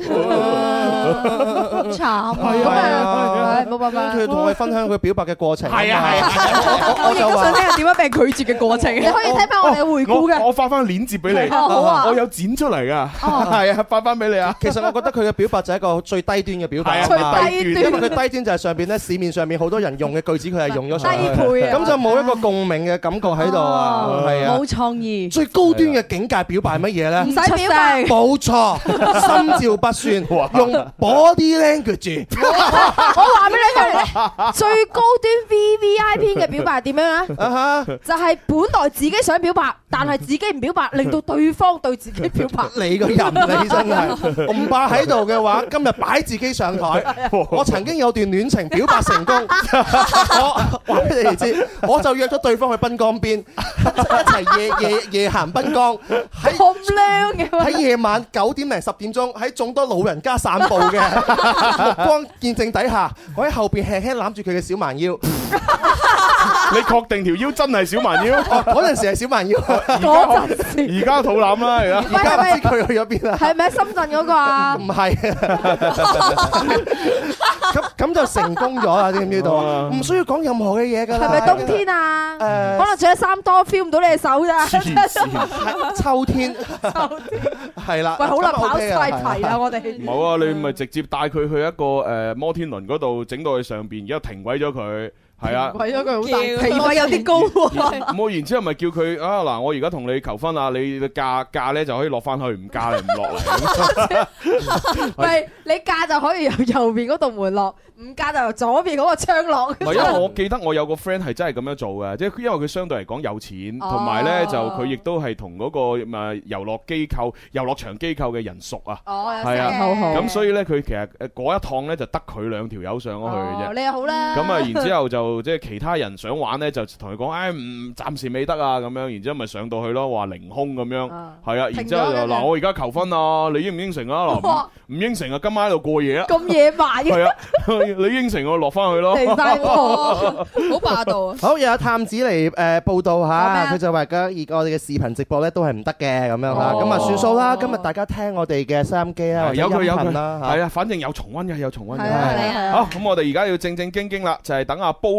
好慘，咁啊冇辦法。向佢表白嘅過程係啊係啊，我亦都想聽下點樣被拒絕嘅過程。你可以聽翻我哋回顧嘅。我發翻個鏈接俾你。我有剪出嚟噶。哦，係啊，發翻俾你啊。其實我覺得佢嘅表白就係一個最低端嘅表白啦。最低端。因為佢低端就係上邊咧，市面上面好多人用嘅句子，佢係用咗。低配。咁就冇一個共鳴嘅感覺喺度啊。係啊。冇創意。最高端嘅境界表白乜嘢咧？唔使表白，冇錯，心照不宣，用 body language。我話俾你聽。最高端 V V I P 嘅表白係點樣啊？Uh huh. 就係本來自己想表白，但係自己唔表白，令到對方對自己表白。你個人你真係唔怕喺度嘅話，今日擺自己上台。 我曾經有段戀情表白成功。 我話俾你知，我就約咗對方去濱江邊， 就一齊夜夜夜行濱江。咁靚嘅喺夜晚九點零十點鐘，喺眾多老人家散步嘅目 光見證底下，我喺後邊輕輕攬住佢嘅小蠻腰，你確定條腰真係小蠻腰？嗰陣時係小蠻腰，嗰陣時而家肚腩啦而家，而家唔知佢去咗邊啊？係咪喺深圳嗰個啊？唔係，咁咁就成功咗啦！知唔知道啊？唔需要講任何嘅嘢噶，係咪冬天啊？誒，可能著得衫多，feel 唔到你嘅手咋？秋天。係啦，喂，好啦，跑曬題啦，了我哋唔好啊，你唔係直接帶佢去一個誒摩天輪嗰度，整到佢上邊，然後停鬼咗佢。係啊，為咗佢好，皮價有啲高喎。咁然之後咪叫佢啊嗱，我而家同你求婚啊，你嫁嫁咧就可以落翻去，唔嫁你唔落嚟，唔係，你嫁就可以由右邊嗰道門落，唔嫁就由左邊嗰個窗落。唔係，因為我記得我有個 friend 係真係咁樣做嘅，即係因為佢相對嚟講有錢，同埋咧就佢亦都係同嗰個咪遊樂機構、遊樂場機構嘅人熟啊。哦，係啊，好好。咁所以咧，佢其實誒嗰一趟咧就得佢兩條友上咗去嘅啫。你又好啦。咁啊，然之後就。即係其他人想玩咧，就同佢講，誒，唔，暫時未得啊，咁樣，然之後咪上到去咯，話凌空咁樣，係啊，然之後就嗱，我而家求婚啊，你應唔應承啊？嗱，唔應承啊，今晚喺度過夜啊？咁野蠻係啊！你應承我落翻去咯，停低我，好霸道。好，又有探子嚟，誒報道吓，佢就話嘅，而家我哋嘅視頻直播咧都係唔得嘅，咁樣啦，咁啊算數啦。今日大家聽我哋嘅收音機啦，有佢有佢啦，係啊，反正有重溫嘅，有重溫嘅。好，咁我哋而家要正正經經啦，就係等阿 Bo、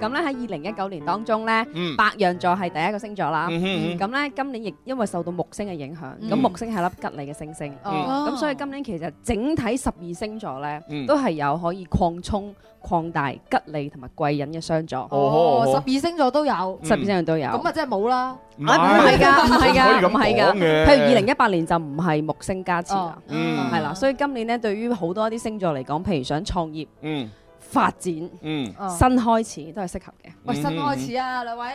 咁咧喺二零一九年當中咧，白羊座係第一個星座啦。咁咧今年亦因為受到木星嘅影響，咁木星係粒吉利嘅星星，咁所以今年其實整體十二星座咧都係有可以擴充、擴大、吉利同埋貴人嘅相助。哦，十二星座都有，十二星座都有。咁啊，即係冇啦，唔係㗎，唔係㗎，唔係㗎。譬如二零一八年就唔係木星加持啦。嗯，係啦。所以今年咧，對於好多啲星座嚟講，譬如想創業，嗯。發展，嗯、新開始都係適合嘅。喂、嗯，新開始啊，兩位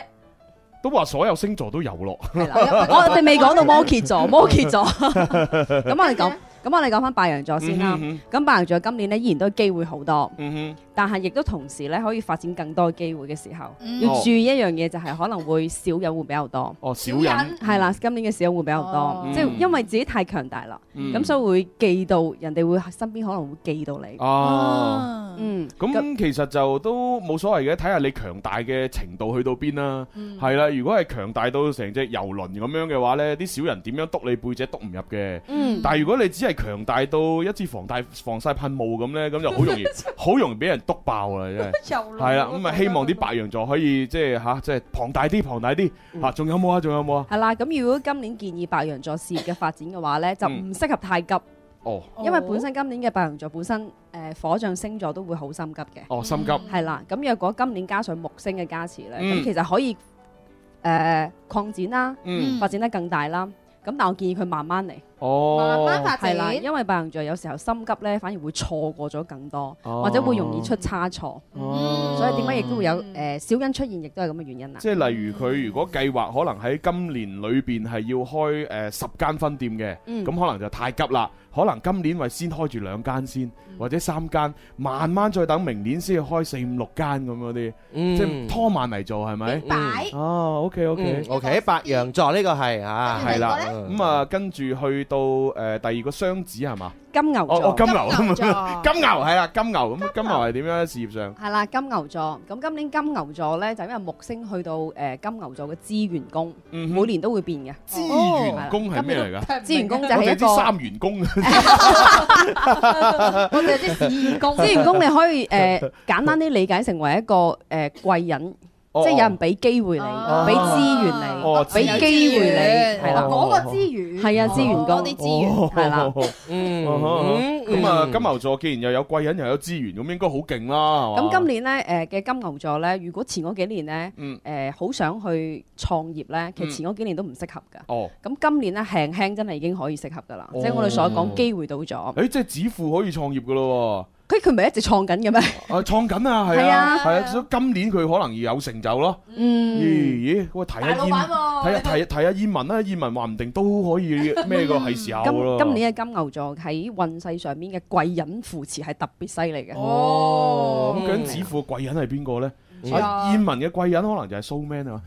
都話所有星座都有咯。係喇，我哋未講到摩羯座， 摩羯蕨座。咁 我哋講，咁 我哋講翻白羊座先啦。咁、嗯、哼白羊座今年咧依然都機會好多。嗯哼但係亦都同時咧，可以發展更多機會嘅時候，要注意一樣嘢就係可能會小人會比較多。哦，小人係啦，今年嘅小人會比較多，即係因為自己太強大啦，咁所以會忌到人哋會身邊可能會忌到你。哦，嗯，咁其實就都冇所謂嘅，睇下你強大嘅程度去到邊啦。係啦，如果係強大到成隻遊輪咁樣嘅話呢，啲小人點樣篤你背脊篤唔入嘅。嗯，但係如果你只係強大到一支防曬防曬噴霧咁呢，咁就好容易好容易俾人篤爆啊！真係，係啦， 咁咪希望啲白羊座可以即係吓，即係龐大啲，龐大啲吓。仲有冇啊？仲有冇啊？係啦、嗯，咁如果今年建議白羊座事業嘅發展嘅話咧，就唔適合太急。哦。因為本身今年嘅白羊座本身誒、呃、火象星座都會好心急嘅。哦，心急。係啦、嗯，咁若果今年加上木星嘅加持咧，咁、嗯、其實可以誒、呃、擴展啦，嗯、發展得更大啦。咁但我建議佢慢慢嚟。哦，係啦，因為白羊座有時候心急呢，反而會錯過咗更多，或者會容易出差錯。所以點解亦都會有誒小人出現，亦都係咁嘅原因啦。即係例如佢如果計劃可能喺今年裏邊係要開誒十間分店嘅，咁可能就太急啦。可能今年為先開住兩間先，或者三間，慢慢再等明年先至開四五六間咁嗰啲，即係拖慢嚟做係咪？擺哦，OK OK OK，白羊座呢個係啊，係啦，咁啊跟住去。到誒第二個雙子係咪金牛座？金牛座，金牛係啊，金牛，咁金牛係點樣事業上係啦，金牛座，咁今年金牛座咧，就因為木星去到誒金牛座嘅資源宮，每年都會變嘅資源宮係咩嚟噶？資源宮就係一個三元宮，我哋係啲二宮。資源宮你可以誒簡單啲理解成為一個誒貴人。即係有人俾機會你，俾資源你，俾機會你，係啦，我個資源，係啊資源多啲資源，係啦，嗯，咁啊金牛座既然又有貴人又有資源，咁應該好勁啦，咁今年咧，誒嘅金牛座咧，如果前嗰幾年咧，誒好想去創業咧，其實前嗰幾年都唔適合㗎。哦，咁今年咧輕輕真係已經可以適合㗎啦，即係我哋所講機會到咗。誒，即係指父可以創業㗎咯喎！佢佢唔係一直創緊嘅咩？啊，創緊啊，係啊，係啊，啊，所以今年佢可能要有成就咯。嗯，咦咦、喂，我睇一睇啊，睇啊，睇下燕文啦，燕文話、啊、唔定都可以咩個，係時候 今年嘅金牛座喺運勢上面嘅貴人扶持係特別犀利嘅。哦，咁究竟指富嘅貴人係邊個咧？燕民嘅貴人可能就係 so man 啊，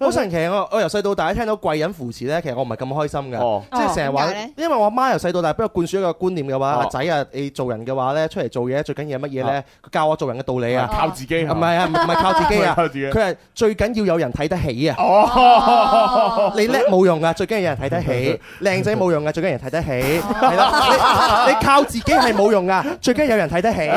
好神奇啊！我由細到大，一聽到貴人扶持咧，其實我唔係咁開心嘅，即係成日話，因為我媽由細到大俾我灌輸一個觀念嘅話，阿仔啊，你做人嘅話咧，出嚟做嘢最緊要係乜嘢咧？教我做人嘅道理啊，靠自己，唔係啊，唔係靠自己啊，佢係最緊要有人睇得起啊！你叻冇用噶，最緊要有人睇得起，靚仔冇用噶，最緊要人睇得起，係啦，你靠自己係冇用噶，最緊要有人睇得起。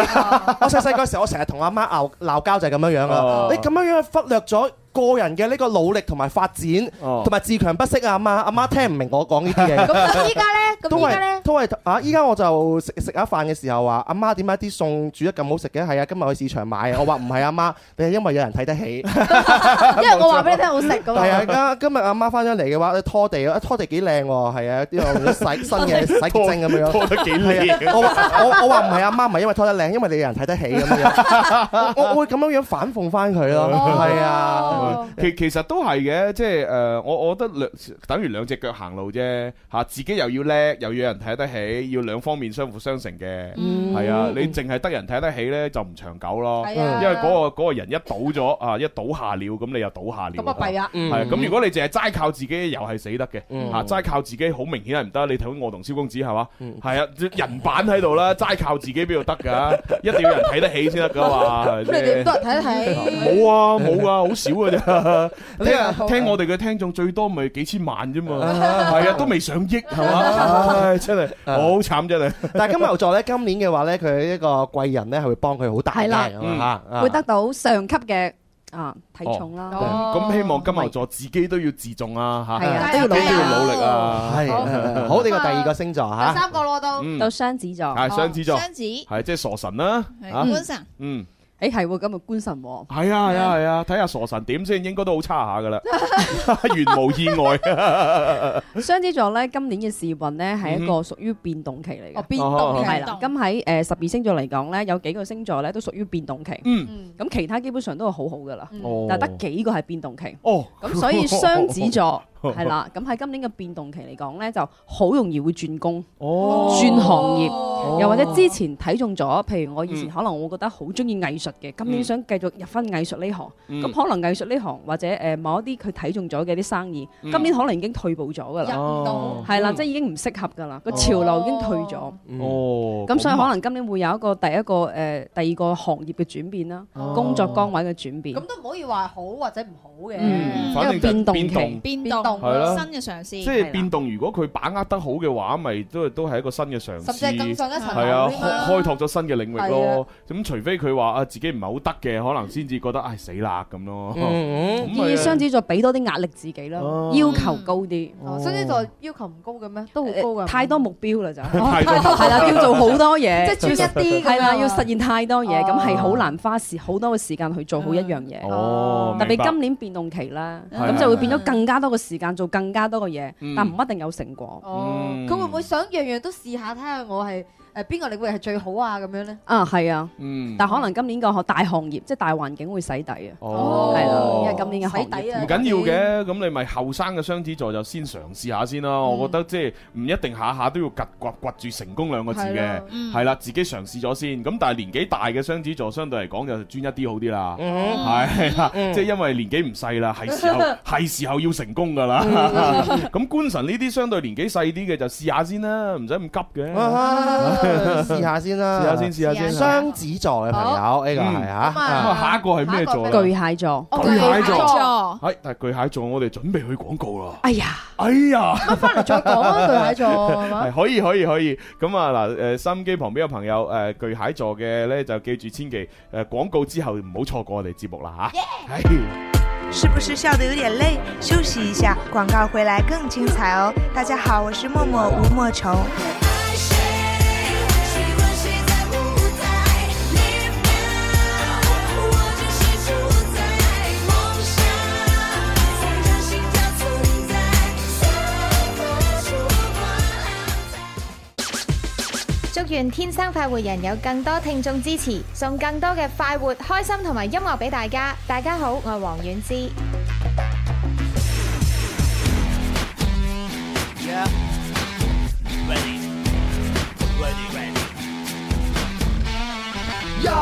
我細細。嗰陣時，我成日同阿媽鬧鬧交，就係咁樣樣㗎。哦、你咁樣樣忽略咗個人嘅呢個努力同埋發展，同埋、哦、自強不息啊！阿媽阿媽聽唔明我講呢啲嘢。咁依家咧，咁依家咧都係啊！依家我就食食下飯嘅時候話，阿媽點解啲餸煮得咁好食嘅？係啊，今日去市場買。我話唔係阿媽，你係因為有人睇得起。 因為我話俾你聽，好食㗎嘛。 啊，家今日阿媽翻咗嚟嘅話，拖地啊，拖地幾靚喎。係啊，啲洗新嘅洗潔精咁樣 拖得幾靚。我 我我話唔係阿媽，唔係因為拖得靚， 因為你有人睇得起咁 樣。我，我會咁樣樣反諷翻佢咯。係啊。哦其其實都係嘅，即係誒，我我覺得兩等如兩隻腳行路啫，吓自己又要叻，又要人睇得起，要兩方面相輔相成嘅，係啊，你淨係得人睇得起咧，就唔長久咯，因為嗰個個人一倒咗啊，一倒下了，咁你又倒下了，咁如果你淨係齋靠自己又係死得嘅，吓齋靠自己好明顯係唔得，你睇我同蕭公子係嘛，係啊，人板喺度啦，齋靠自己邊度得噶，一定要人睇得起先得噶嘛，咁你哋多人睇一睇，冇啊冇啊，好少啊。聽聽我哋嘅聽眾最多咪幾千萬啫嘛，係啊，都未上億係嘛，真係好慘真係。但係金牛座咧，今年嘅話咧，佢一個貴人咧係會幫佢好大嘅，吓會得到上級嘅啊體重啦。咁希望金牛座自己都要自重啊，吓都要努力啊。係好，呢個第二個星座吓，三個咯都到雙子座，係雙子座，雙子，係即係傻神啦，傻神，嗯。誒係喎，咁啊官神喎，係啊係啊係啊，睇下、啊啊、傻神點先，應該都好差下噶啦，完無意外。雙子座咧，今年嘅事業運咧係一個屬於變動期嚟嘅，哦，變動期啦。咁喺誒十二星座嚟講咧，有幾個星座咧都屬於變動期，嗯、咁、嗯、其他基本上都係好好噶啦，嗯嗯、但係得幾個係變動期，哦、咁、哦、所以雙子座。係啦，咁喺今年嘅變動期嚟講咧，就好容易會轉工、轉行業，又或者之前睇中咗，譬如我以前可能我覺得好中意藝術嘅，今年想繼續入返藝術呢行，咁可能藝術呢行或者誒某一啲佢睇中咗嘅啲生意，今年可能已經退步咗㗎啦，係啦，即係已經唔適合㗎啦，個潮流已經退咗。哦，咁所以可能今年會有一個第一個誒第二個行業嘅轉變啦，工作崗位嘅轉變。咁都唔可以話好或者唔好嘅，反正變動期變動。係啦，新嘅嘗試。即係變動，如果佢把握得好嘅話，咪都係都係一個新嘅嘗試，甚至更上一層，係啊，開拓咗新嘅領域咯。咁除非佢話啊，自己唔係好得嘅，可能先至覺得唉死啦咁咯。建議雙子座俾多啲壓力自己咯，要求高啲。雙子座要求唔高嘅咩？都好高㗎。太多目標啦就係啦，要做好多嘢，即係專一啲係啦，要實現太多嘢，咁係好難花時好多嘅時間去做好一樣嘢。哦，特別今年變動期啦，咁就會變咗更加多嘅時間。做更加多嘅嘢，但唔一定有成果。佢、哦嗯、會唔會想樣樣都試下，睇下我係。誒邊個領域係最好啊？咁樣咧啊，係啊，嗯，但可能今年個大行業即係大環境會洗底啊，哦，係啦，因為今年嘅洗底啊，唔緊要嘅，咁你咪後生嘅雙子座就先嘗試下先啦。我覺得即係唔一定下下都要掘掘掘住成功兩個字嘅，係啦，自己嘗試咗先。咁但係年紀大嘅雙子座相對嚟講就專一啲好啲啦，係，即係因為年紀唔細啦，係時候係時候要成功噶啦。咁官神呢啲相對年紀細啲嘅就試下先啦，唔使咁急嘅。試下先啦，試下先，試下先。雙子座嘅朋友，呢個係吓，咁啊，下一個係咩座？巨蟹座。巨蟹座。係，但係巨蟹座我哋準備去廣告啦。哎呀，哎呀，翻嚟再講啊，巨蟹座。係，可以，可以，可以。咁啊嗱，誒，收音機旁邊嘅朋友，誒，巨蟹座嘅咧就記住，千祈誒廣告之後唔好錯過我哋節目啦，吓。係。是不是笑得有點累？休息一下，廣告回來更精彩哦！大家好，我是默默吳莫愁。祝願天生快活人有更多聽眾支持，送更多嘅快活、開心同埋音樂俾大家。大家好，我係王菀之。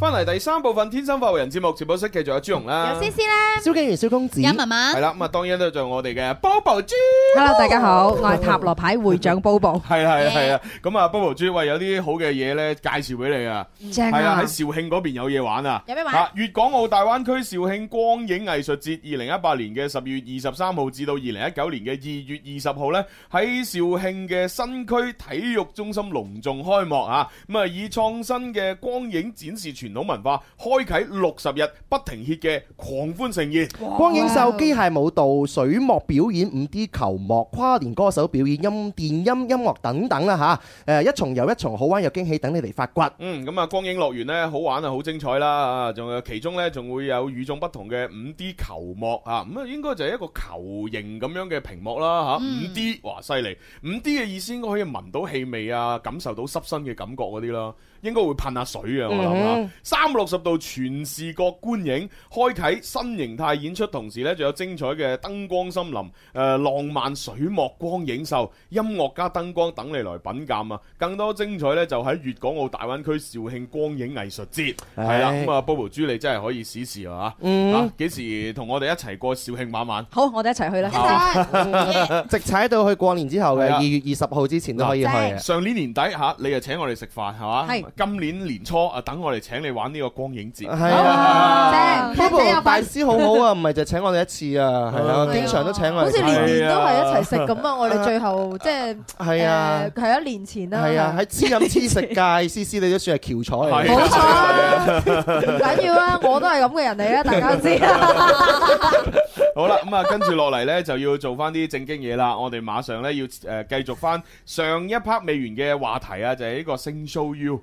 翻嚟第三部分《天生發福人》節目，直播室繼續有朱紅啦，有詩詩啦，蕭景元蕭公子，有文文，係啦，咁啊，當然都仲有我哋嘅 Bobo 豬。Hello，大家好，我係塔羅牌會長 Bobo。係係係啊，咁啊，Bobo 豬喂，有啲好嘅嘢咧，介紹俾你啊，係啊，喺肇慶嗰邊有嘢玩啊，有咩玩？啊，粵港澳大灣區肇慶光影藝術節，二零一八年嘅十月二十三號至到二零一九年嘅二月二十號咧，喺肇慶嘅新區體育中心隆重開幕啊！咁啊，以創新嘅光影展示傳統文化，開啟六十日不停歇嘅狂歡盛宴，光影秀、機械舞蹈、水幕表演、五 D 球幕、跨年歌手表演、音電音音樂等等啦吓，誒，一重又一重好玩又驚喜等你嚟發掘。嗯，咁啊，光影樂園咧好玩啊好，好精彩啦，仲有其中咧仲會有與眾不同嘅五 D 球幕啊，咁啊應該就係一個球形咁樣嘅屏幕啦吓，五 D 哇，犀利，五 D 嘅意思應該可以聞到氣味啊，感受到濕身嘅感覺嗰啲囉，應該會噴下水啊，我諗三百六十度全視角觀影，開啟新形態演出，同時咧仲有精彩嘅燈光森林、誒、呃、浪漫水墨光影秀、音樂加燈光等你來品鑑啊！更多精彩咧就喺粵港澳大灣區肇慶光影藝術節，係啦咁啊，Bobo 豬你真係可以試試啊！嚇、嗯，嚇幾、嗯嗯、時同我哋一齊過肇慶晚晚？好，我哋一齊去啦！ 直踩到去過年之後嘅、啊、二月二十號之前都可以去。上年年底嚇、啊，你又請我哋食飯係嘛？是今年年初啊，等我哋請。嚟玩呢個光影節係啊，大師好唔好啊？唔係就請我哋一次啊，係啊，經常都請我哋，好似年年都係一齊食咁啊！我哋最後即係係啊，係一年前啦。係啊，喺黐飲黐食界，C C 你都算係翹楚嚟。冇錯，唔緊要啊。我都係咁嘅人嚟啊，大家知啊。好啦，咁啊，跟住落嚟咧就要做翻啲正經嘢啦。我哋馬上咧要誒繼續翻上一 part 未完嘅話題啊，就係呢個《Sing Show You》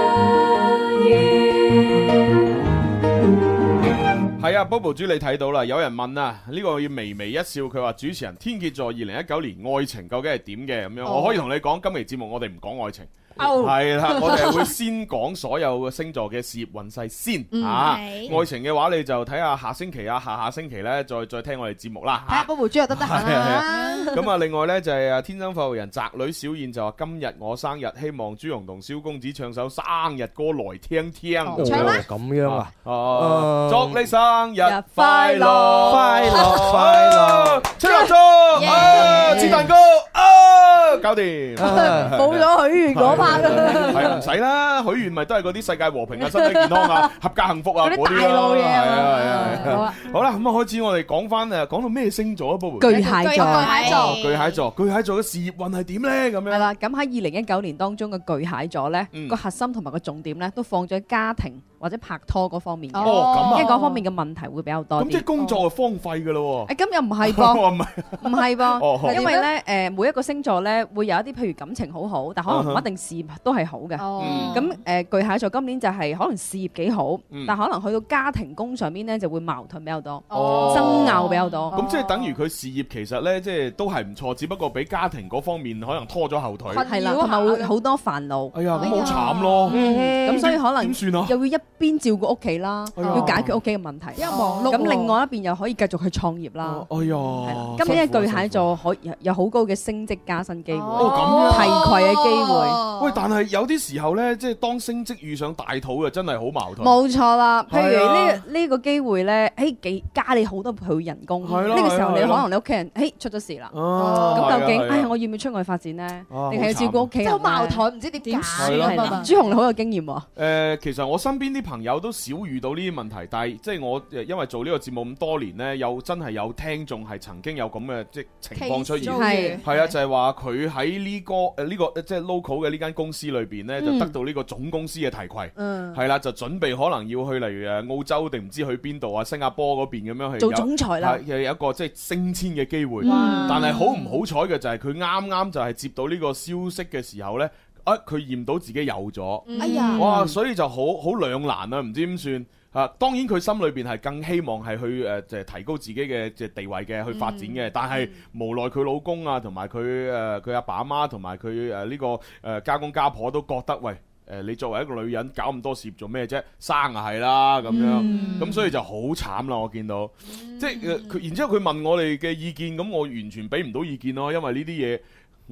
Bobo 主，你睇到啦？有人問啊，呢、這個要微微一笑。佢話主持人天蠍座二零一九年愛情究竟係點嘅咁樣？哦、我可以同你講，今期節目我哋唔講愛情。係啦，我哋會先講所有嘅星座嘅事業運勢先吓，愛情嘅話你就睇下下星期啊，下下星期咧再再聽我哋節目啦吓。睇下嗰壺朱又得得。咁啊，另外咧就係啊，天生發育人宅女小燕就話今日我生日，希望朱容同蕭公子唱首生日歌來聽聽。唱啦，咁樣啊，哦，祝你生日快樂，快樂快樂，吹蠟燭，切蛋糕，啊，搞掂，冇咗許願嗰 part。係唔使啦，許願咪都係嗰啲世界和平啊、身體健康啊、合家幸福啊嗰啲咯。係啊係啊，好啦，咁啊開始我哋講翻啊，講到咩星座啊？巨蟹座，巨蟹座，巨蟹座，巨蟹座嘅事業運係點咧？咁樣係啦，咁喺二零一九年當中嘅巨蟹座咧，個核心同埋個重點咧，都放咗喺家庭。或者拍拖嗰方面，嘅因為嗰方面嘅問題會比較多啲。咁即係工作係荒廢㗎咯喎！誒，今日唔係噃，唔係噃，因為咧誒，每一個星座咧會有一啲，譬如感情好好，但可能唔一定事業都係好嘅。咁誒巨蟹座今年就係可能事業幾好，但可能去到家庭工上面咧就會矛盾比較多，爭拗比較多。咁即係等於佢事業其實咧即係都係唔錯，只不過比家庭嗰方面可能拖咗後腿，同埋會好多煩惱。哎呀，咁好慘咯！咁所以可能又要一邊照顧屋企啦，要解決屋企嘅問題。因為忙碌，咁另外一邊又可以繼續去創業啦。哎呀，今年嘅巨蟹座可有好高嘅升職加薪機會，提攜嘅機會。喂，但係有啲時候咧，即係當升職遇上大肚，又真係好矛盾。冇錯啦，譬如呢呢個機會咧，誒幾加你好多倍人工，呢個時候你可能你屋企人誒出咗事啦。咁究竟誒我要唔要出外發展咧？定係要照顧屋企？真係好矛盾，唔知點算係咪？朱紅你好有經驗喎。誒，其實我身邊啲朋友都少遇到呢啲問題，但係即係我，因為做呢個節目咁多年咧，有真係有聽眾係曾經有咁嘅即情況出現，係啊，就係話佢喺呢個誒呢、呢個即係 local 嘅呢間公司裏邊呢，嗯、就得到呢個總公司嘅提攜，係啦、嗯，就準備可能要去例如澳洲定唔知去邊度啊新加坡嗰邊咁樣去做總裁啦，又有、啊、有一個即係升遷嘅機會，嗯、但係好唔好彩嘅就係佢啱啱就係接到呢個消息嘅時候呢。啊！佢驗到自己有咗，嗯、哇！所以就好好兩難啊，唔知點算嚇。當然佢心裏邊係更希望係去誒，即、呃、係、呃呃、提高自己嘅即地位嘅去發展嘅。但係無奈佢老公啊，同埋佢誒佢阿爸阿媽同埋佢誒呢個誒、呃、家公家婆都覺得，喂誒、呃！你作為一個女人搞咁多事做咩啫？生啊，係啦咁樣咁，嗯嗯、所以就好慘啦！我見到即係佢，然之後佢問我哋嘅意見，咁我完全俾唔到意見咯，因為呢啲嘢。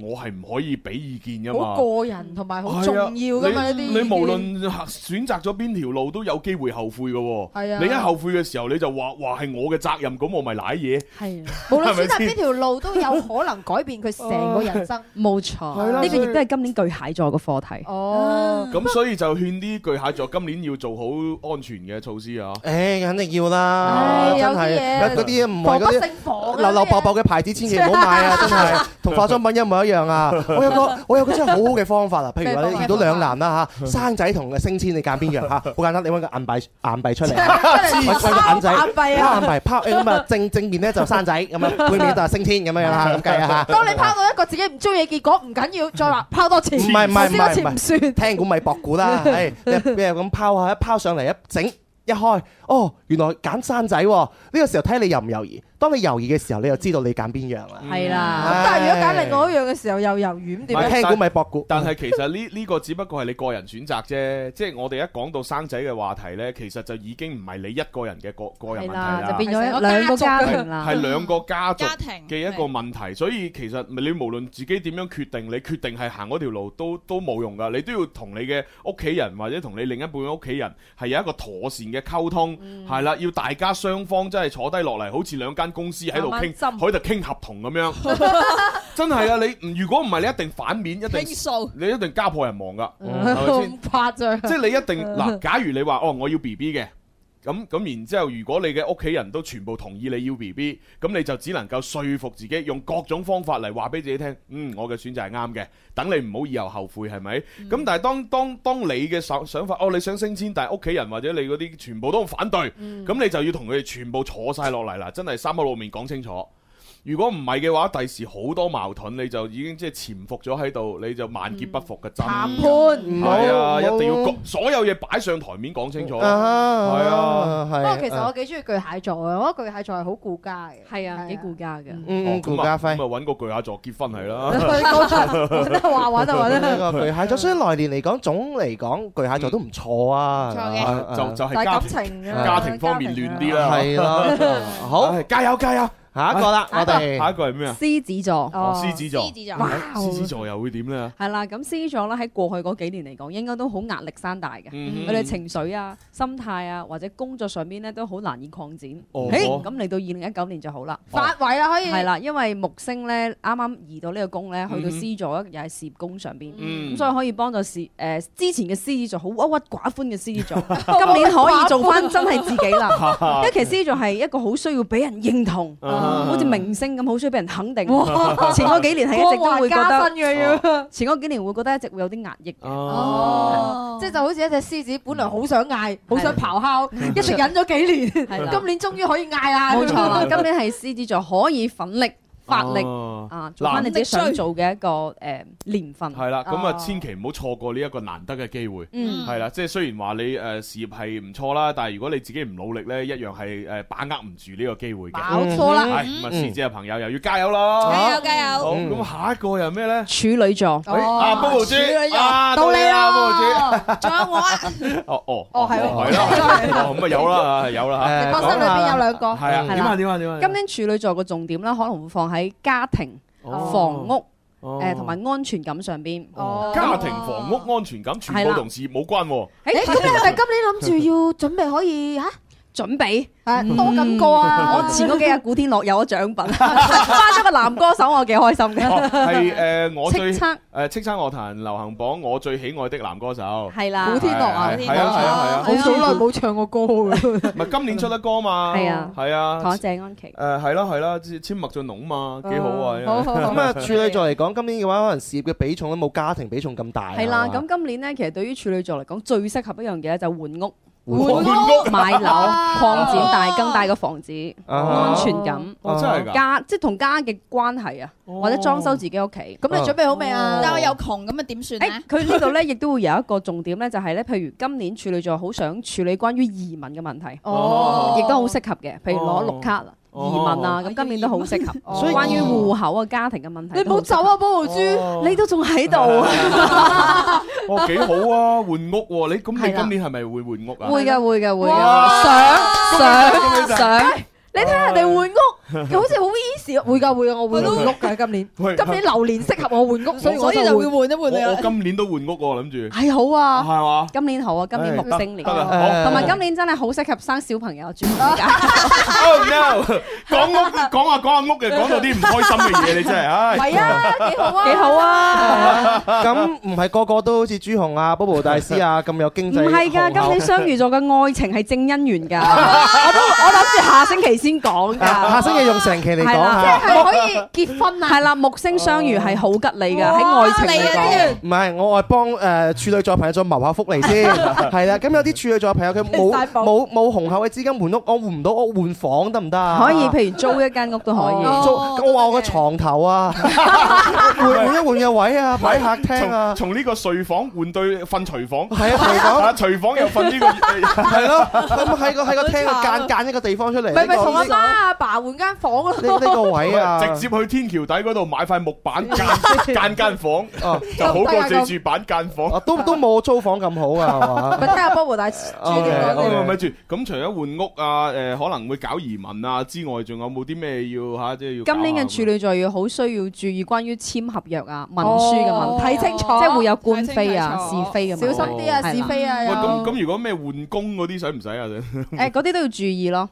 我係唔可以俾意見噶嘛，好個人同埋好重要噶嘛呢啲。你無論選擇咗邊條路都有機會後悔噶喎。係啊，你一後悔嘅時候你就話話係我嘅責任咁，我咪賴嘢。係，無論選擇邊條路都有可能改變佢成個人生，冇錯。係啦，呢個亦都係今年巨蟹座嘅課題。哦，咁所以就勸啲巨蟹座今年要做好安全嘅措施啊。誒，肯定要啦，真係有嗰啲唔係嗰啲性火流流爆爆嘅牌子，千祈唔好買啊！真係同化妝品一樣。樣啊！ 我有個我有個真係好好嘅方法啊！譬如話你遇到兩難啦吓，生仔同嘅升遷，你揀邊樣吓？好簡單，你揾個硬幣硬幣出嚟，拋硬幣啊！拋唔係拋咁啊？正正面咧就生仔，咁樣背面就係升遷，咁樣樣吓，咁計啊吓！ 當你拋到一個自己唔中意嘅結果，唔緊要，再拋多次，唔係唔係唔係唔算。聽古咪駁古啦，係咩咁拋啊？一拋上嚟一整一開，哦，原來揀生仔呢、這個時候睇你猶唔猶豫。當你猶豫嘅時候，你又知道你揀邊樣啦。係啦、嗯，嗯、但係如果揀另外一樣嘅時候又猶豫，咁點啊？聽古咪博，但係其實呢呢、呢個只不過係你個人選擇啫。 即係我哋一講到生仔嘅話題呢，其實就已經唔係你一個人嘅個個人問題，就變咗兩個家庭啦，係兩個家庭嘅一個問題。所以其實你無論自己點樣決定，你決定係行嗰條路都都冇用㗎。你都要同你嘅屋企人或者同你另一半屋企人係有一個妥善嘅溝通，係啦、嗯，要大家雙方真係坐低落嚟，好似兩間。公司喺度傾喺度傾合同咁樣， 真係啊！你如果唔係，你一定反面，一定數你一定家破人亡噶，即係你一定嗱， 假如你話哦，我要 BB 嘅。咁咁然之後，如果你嘅屋企人都全部同意你要 B B，咁你就只能夠說服自己，用各種方法嚟話俾自己聽。嗯，我嘅選擇係啱嘅，等你唔好以後後悔，係咪？咁、嗯、但係當當當你嘅想想法，哦你想升遷，但係屋企人或者你嗰啲全部都反對，咁、嗯、你就要同佢哋全部坐晒落嚟啦，真係三口六面講清楚。如果唔係嘅話，第時好多矛盾，你就已經即係潛伏咗喺度，你就萬劫不復嘅真係。談判唔係啊，一定要所有嘢擺上台面講清楚。係啊，不過其實我幾中意巨蟹座啊，我覺得巨蟹座係好顧家嘅。係啊，幾顧家嘅。嗯，顧家輝咪搵個巨蟹座結婚係啦。巨蟹座，搵得話搵就搵得。巨蟹座，所以來年嚟講，總嚟講巨蟹座都唔錯啊。就就係感情家庭方面亂啲啦。係啦，好，加油加油！下一個啦，我哋下一個係咩啊？獅子座，獅子座，獅子座，獅子座又會點咧？係啦，咁獅子座咧，喺過去嗰幾年嚟講，應該都好壓力山大嘅。佢哋情緒啊、心態啊，或者工作上邊咧都好難以擴展。哦，咁嚟到二零一九年就好啦。發圍啦，可以係啦，因為木星咧啱啱移到呢個宮咧，去到獅座，又係事業宮上邊，咁所以可以幫助獅，誒，之前嘅獅子座好鬱鬱寡歡嘅獅子座，今年可以做翻真係自己啦。因為其實獅子座係一個好需要俾人認同。好似明星咁，好想俾人肯定。哇前嗰幾年係一直都會覺得， 前嗰幾年會覺得一直會有啲壓抑。哦，即係、 啊就是、就好似一隻獅子，本來好想嗌，好想咆哮，的一直忍咗幾年，的 今年終於可以嗌啦。冇錯的，錯 今年係獅子座可以奮力。法力啊！做翻你自己想做嘅一個誒年份。係啦，咁啊，千祈唔好錯過呢一個難得嘅機會。嗯，係啦，即係雖然話你誒事業係唔錯啦，但係如果你自己唔努力咧，一樣係誒把握唔住呢個機會嘅。冇錯啦，咁啊，獅子座朋友又要加油咯！加油！加油！咁下一個又咩咧？處女座。啊，服務啊，到你啦，服務豬。仲有我。哦哦哦，係咯，係咁啊有啦，有啦。誒，個心裏邊有兩個。係啊，點啊點啊點啊！今年處女座嘅重點啦，可能會放喺。喺家庭房屋誒同埋安全感上邊，哦、家庭房屋安全感全部同事業冇關、啊。誒的，咁、欸，你係咪今年諗住要準備可以吓？ 啊準備多咁歌啊！我前嗰幾日古天樂有咗獎品，翻咗個男歌手，我幾開心嘅。係誒，我預測誒，叱咤樂壇流行榜我最喜愛的男歌手係啦，古天樂啊，啲，係啊係啊係啊！我好耐冇唱過歌嘅。唔係今年出得歌嘛？係啊係啊。同謝安琪誒，係啦係啦，簽麥浚龍嘛，幾好啊！好好好咁啊，處女座嚟講，今年嘅話，可能事業嘅比重都冇家庭比重咁大。係啦，咁今年咧，其實對於處女座嚟講，最適合一樣嘢就換屋。換屋、買樓、哦、擴展大、更大個房子，哦、安全感，哦、即家即係同家嘅關係啊，哦、或者裝修自己屋企，咁、哦、你準備好未啊？哦、但係我又窮，咁啊點算咧？佢、欸、呢度咧亦都會有一個重點咧，就係咧，譬如今年處女座好想處理關於移民嘅問題，亦、哦哦、都好適合嘅，譬如攞綠卡、哦移民啊，咁今年都好適合。所以關於戶口啊、家庭嘅問題，你冇走啊，保護豬，你都仲喺度。哦，幾好啊，換屋喎，你咁你今年係咪會換屋啊？會㗎，會㗎，會㗎，上上上，你睇下人哋換屋。好似好 easy 會噶會噶，我會換屋噶。今年今年流年適合我換屋，所以我先就會換一換啊。我今年都換屋個諗住。係好啊，係嘛？今年好啊，今年木星年，同埋今年真係好適合生小朋友。朱小姐，講屋講下講下屋嘅，講到啲唔開心嘅嘢，你真係吓。係啊，幾好啊，幾好啊。咁唔係個個都好似朱紅啊、Bobo 大師啊咁有經驗。唔係噶，今年雙魚座嘅愛情係正姻緣噶。我都我諗住下星期先講噶。下星用成期嚟講下，即係可以結婚啊！係啦，木星相遇係好吉利噶，喺愛情嚟講。唔係，我係幫誒處女座朋友再謀下福利先，係啦。咁有啲處女座朋友佢冇冇冇雄厚嘅資金換屋，我換唔到屋，換房得唔得啊？可以，譬如租一間屋都可以。租，我話我嘅床頭啊，換一換嘅位啊，擺客廳啊，從呢個睡房換對瞓廚房。係啊，廚房啊，廚房又瞓呢個，係咯。咁喺個喺個廳度間間一個地方出嚟。咪咪同阿媽阿爸換間。間房呢個位啊，直接去天橋底嗰度買塊木板間間房，就好過借住板間房，都都冇租房咁好啊，係嘛？咪聽下波波大師點樣都？唔咪住，咁除咗換屋啊，誒可能會搞移民啊之外，仲有冇啲咩要吓即係要？今年嘅處女座要好需要注意關於簽合約啊文書嘅問題，睇清楚，即係會有官非啊是非咁樣，小心啲啊是非啊喂，咁咁如果咩換工嗰啲使唔使啊？誒，嗰啲都要注意咯，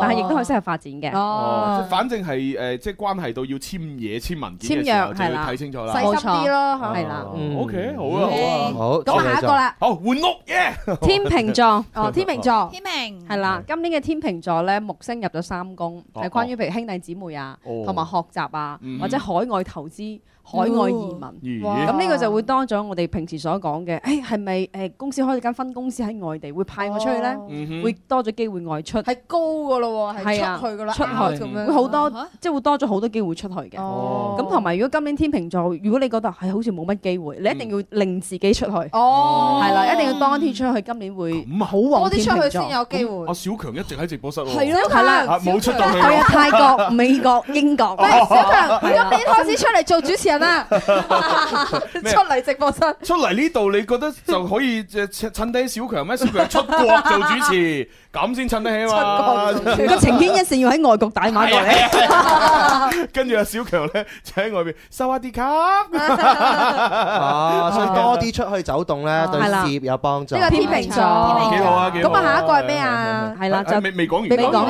但係亦都可以適合發展嘅。哦，即反正係誒，即係關係到要簽嘢、簽文件嘅時候，簽約，就要睇清楚啦。細心啲咯，係啦。嗯，OK，好啊，好。咁下一個啦。好，換屋，耶！天秤座，哦，天秤座，天明係啦。今年嘅天秤座咧，木星入咗三宮，係關於譬如兄弟姊妹啊，同埋學習啊，或者海外投資。海外移民，咁呢個就會多咗我哋平時所講嘅，誒係咪誒公司開咗間分公司喺外地會派我出去咧？會多咗機會外出，係高㗎咯，係出去㗎啦，出去咁樣會好多，即係會多咗好多機會出去嘅。咁同埋如果今年天秤座，如果你覺得係好似冇乜機會，你一定要令自己出去。哦，係啦，一定要多啲出去。今年會多啲出去先有機會。阿小強一直喺直播室喎。係咯，冇出到去啊！泰國、美國、英國。喂，小強，你今年開始出嚟做主持人。啦，出嚟直播室，出嚟呢度你覺得就可以就襯底小強咩？小強出國做主持，咁先襯得起嘛？出國做主持，個情牽一線要喺外國打馬來。跟住阿小強咧就喺外邊收一啲卡，所以多啲出去走動咧對事業有幫助。呢個天秤座幾好啊？咁啊，下一個係咩啊？係啦，仲未未講完，未講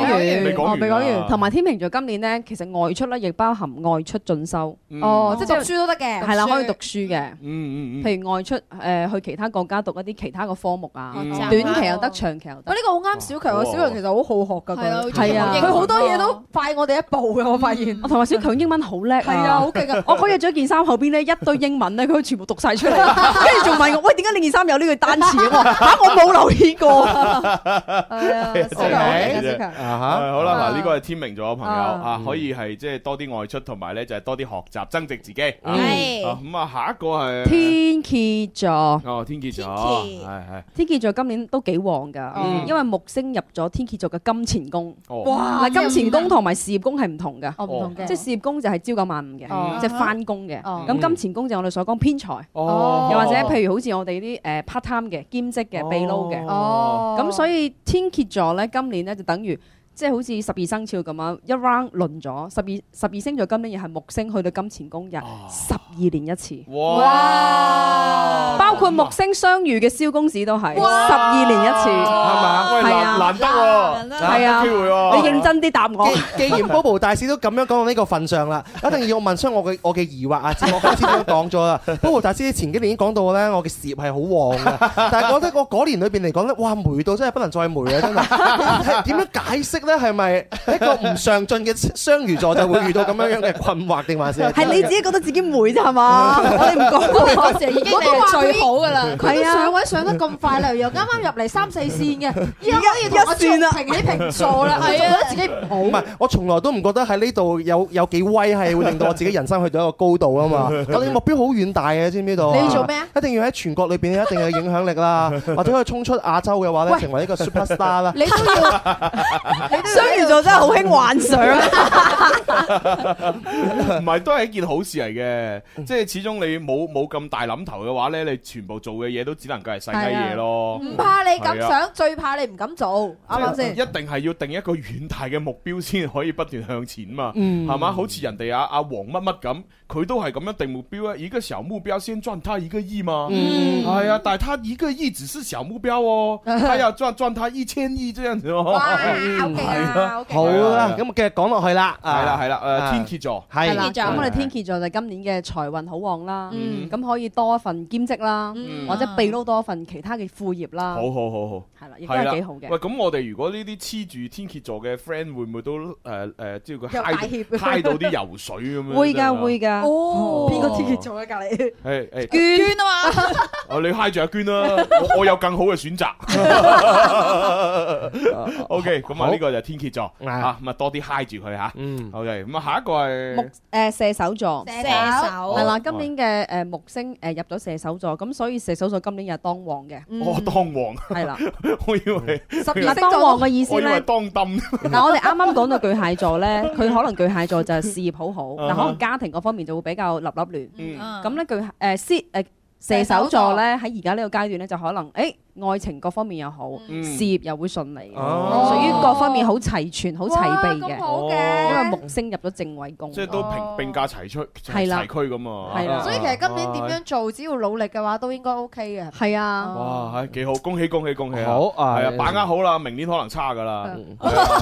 完，未講完，同埋天秤座今年咧，其實外出咧亦包含外出進修。哦，即係。讀書都得嘅，係啦，可以讀書嘅。嗯嗯嗯，譬如外出誒去其他國家讀一啲其他嘅科目啊，短期又得，長期又得。我呢個好啱小強，小強其實好好學㗎。係啊，佢好多嘢都快我哋一步嘅，我發現。我同埋小強英文好叻。係啊，好勁啊！我攞住咗件衫後邊咧一堆英文咧，佢全部讀晒出嚟，跟住仲問我：喂，點解你件衫有呢句單詞啊？嚇，我冇留意過。係啊，好啦，嗱，呢個係天秤座嘅朋友啊，可以係即係多啲外出，同埋咧就係多啲學習，增值自己。係，咁啊，下一個係天蠍座。哦，天蠍座，係係。天蠍座今年都幾旺噶，因為木星入咗天蠍座嘅金錢宮。哇，嗱，金錢宮同埋事業宮係唔同嘅。即係事業宮就係朝九晚五嘅，即係翻工嘅。咁金錢宮就係我哋所講偏財。哦，又或者譬如好似我哋啲誒 part time 嘅兼職嘅秘撈嘅。哦，咁所以天蠍座咧今年咧就等於。即係好似十二生肖咁啊，一 round 輪咗十二十二星座今年亦係木星去到金錢宮日，十二年一次。哇！包括木星相遇嘅蕭公子都係十二年一次，係嘛？難得喎，係啊，機會你認真啲答我。既既然 Bobo 大師都咁樣講到呢個份上啦，一定要問出我嘅我嘅疑惑啊！節目開始都講咗啦，Bobo 大師前幾年已經講到咧，我嘅事業係好旺嘅，但係我覺得我嗰年裏邊嚟講咧，哇，霉到真係不能再霉啊！真係點樣解釋？咧係咪一個唔上進嘅雙魚座就會遇到咁樣樣嘅困惑定還是係？係你自己覺得自己會啫係嘛？我哋唔講嗰個話已經嚟最好噶啦。係啊，上位上得咁快啦，又啱啱入嚟三四線嘅，而家要同我平起平坐啦。係啊，自己唔好唔係，我從來都唔覺得喺呢度有有幾威，係會令到我自己人生去到一個高度啊嘛。咁你目標好遠大嘅，知唔知道？你要做咩啊？一定要喺全國裏邊一定有影響力啦，或者可以衝出亞洲嘅話咧，成為一個 super star 啦。你都要。雙魚座真係好興幻想，唔係都係一件好事嚟嘅，嗯、即係始終你冇冇咁大諗頭嘅話咧，你全部做嘅嘢都只能夠係細雞嘢咯。唔、啊、怕你咁想，啊、最怕你唔敢做，啱先？一定係要定一個遠大嘅目標先可以不斷向前嘛，係嘛、嗯？好似人哋阿阿王乜乜咁，佢都係咁樣定目標啊！一個小目標先賺他一個億嘛，哎呀、嗯，賺、嗯、他一個億只是小目標哦，他要賺 賺他一千億，這樣子、哦 好啦，咁我繼續講落去啦。係啦，係啦。誒，天蠍座，係啦，咁，我哋天蠍座就今年嘅財運好旺啦。嗯，咁可以多一份兼職啦，或者秘撈多一份其他嘅副業啦。好好好好，係啦，亦都係幾好嘅。喂，咁我哋如果呢啲黐住天蠍座嘅 friend 會唔會都誒誒，即係個嗨到啲油水咁樣。會噶會噶。哦，邊個天蠍座喺隔離？誒誒，娟啊嘛。哦，你嗨住阿娟啦，我有更好嘅選擇。O K，咁啊呢個天蠍座啊，咁啊多啲嗨住佢吓。嗯，好嘅。咁啊下一個係木誒射手座。射手係啦，今年嘅誒木星誒入咗射手座，咁所以射手座今年又係當王嘅。我當王係啦，我以為十二當王嘅意思咧，我以為當冧。嗱，我哋啱啱講到巨蟹座咧，佢可能巨蟹座就係事業好好，但可能家庭嗰方面就會比較立立亂。咁咧巨誒誒射手座咧喺而家呢個階段咧就可能誒。愛情各方面又好，事業又會順利，屬於各方面好齊全、好齊備嘅。好嘅，因為木星入咗正位宮。即係都並並駕齊出，齊齊驅咁啊！係啦。所以其實今年點樣做，只要努力嘅話，都應該 OK 嘅。係啊。哇，係幾好！恭喜恭喜恭喜！好啊，係啊，把握好啦，明年可能差㗎啦。我好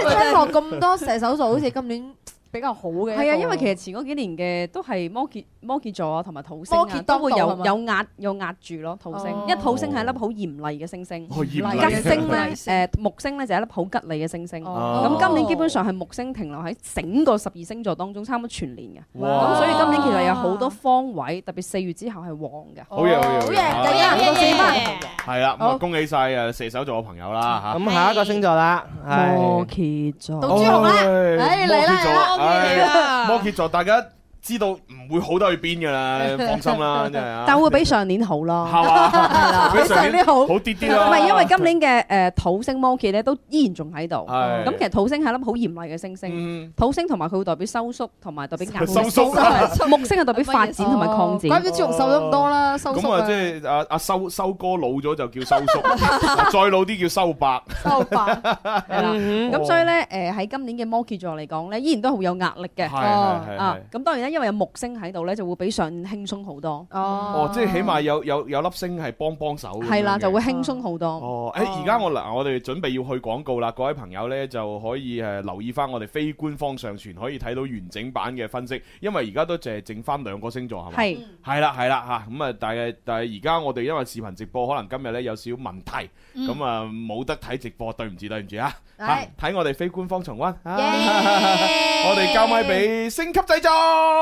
似聽過咁多射手座，好似今年。比較好嘅係啊，因為其實前嗰幾年嘅都係摩羯、摩羯座啊，同埋土星都會有有壓有壓住咯，土星，因為土星係一粒好嚴厲嘅星星，吉星咧誒木星咧就一粒好吉利嘅星星。咁今年基本上係木星停留喺整個十二星座當中，差唔多全年嘅，咁所以今年其實有好多方位，特別四月之後係旺嘅。好嘢好嘢，係啊，恭喜曬誒射手座嘅朋友啦嚇。咁下一個星座啦，摩羯座，杜朱紅啦，誒嚟啦嚟啦。係，摩羯、哎、Yeah. 座，大家。知道唔會好得去邊㗎啦，放心啦，但會比上年好咯，比上年好，好啲啲咯。唔係因為今年嘅誒土星摩羯咧，都依然仲喺度。咁其實土星係一粒好嚴厲嘅星星，土星同埋佢會代表收縮，同埋代表壓縮。木星係代表發展同埋擴展。怪仲瘦咗咁多啦，收縮。咁啊，即係阿阿收收哥老咗就叫收縮，再老啲叫收白。收白係啦。咁所以咧，誒喺今年嘅摩羯座嚟講咧，依然都好有壓力嘅。係咁當然因為有木星喺度呢，就會比上輕鬆好多。哦，哦即係起碼有有有粒星係幫幫手。係啦，就會輕鬆好多。哦，誒、哦，而家、欸哦、我我哋準備要去廣告啦，各位朋友呢，就可以誒、呃、留意翻我哋非官方上傳，可以睇到完整版嘅分析。因為而家都淨係剩翻兩個星座係咪？係啦係啦吓，咁啊，但係但係而家我哋因為視頻直播可能今日呢有少問題，咁啊冇得睇直播，對唔住對唔住啊，睇我哋非官方重温，啊 yeah! 我哋交咪俾星級製作。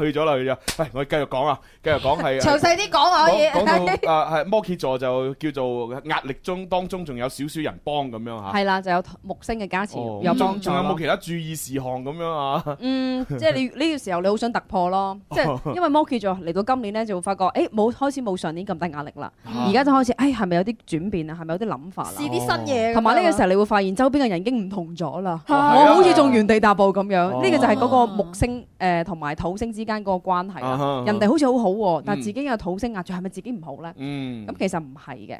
去咗啦，去咗。喂，我哋繼續講啊，繼續講係。詳細啲講可以。講到係摩羯座就叫做壓力中當中仲有少少人幫咁樣吓。係啦，就有木星嘅加持。仲有冇其他注意事項咁樣啊？嗯，即係你呢個時候你好想突破咯，即係因為摩羯座嚟到今年咧就會發覺，誒冇開始冇上年咁大壓力啦，而家就開始，誒係咪有啲轉變啊？係咪有啲諗法？試啲新嘢。同埋呢個時候你會發現周邊嘅人已經唔同咗啦，我好似仲原地踏步咁樣。呢個就係嗰個木星誒同埋土星之。之間個關係，人哋好似好好喎，但係自己又土星壓住，係咪自己唔好呢？咁其實唔係嘅。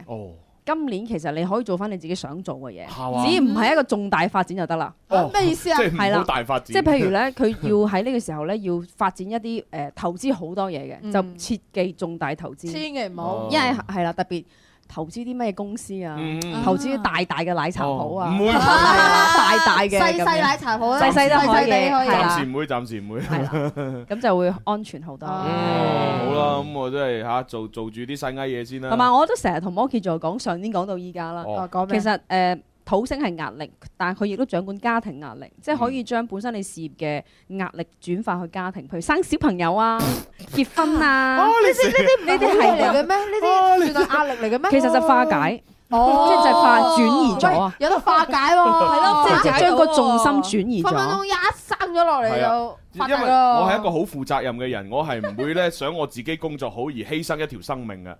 今年其實你可以做翻你自己想做嘅嘢，只要唔係一個重大發展就得啦。咩意思啊？係啦，即係譬如呢，佢要喺呢個時候呢，要發展一啲誒投資好多嘢嘅，就切忌重大投資。千祈唔好，因為係啦，特別。投資啲咩公司啊？投資啲大大嘅奶茶鋪啊？唔會，大大嘅細細奶茶鋪都可以，暫時唔會，暫時唔會。係啦，咁就會安全好多。嗯，好啦，咁我真係嚇做做住啲細㗎嘢先啦。同埋我都成日同 Monkey 在講，上年講到依家啦。哦，講咩啊？其實誒。土星係壓力，但係佢亦都掌管家庭壓力，即係可以將本身你事業嘅壓力轉化去家庭，譬如生小朋友啊、結婚啊，哦，呢啲呢啲係嚟嘅咩？呢啲算係壓力嚟嘅咩？其實就化解。 哦即係就係轉移咗有得化解喎，係咯，即係將個重心轉移咗，一生咗落嚟就因為我係一個好負責任嘅人，我係唔會咧想我自己工作好而犧牲一條生命嘅。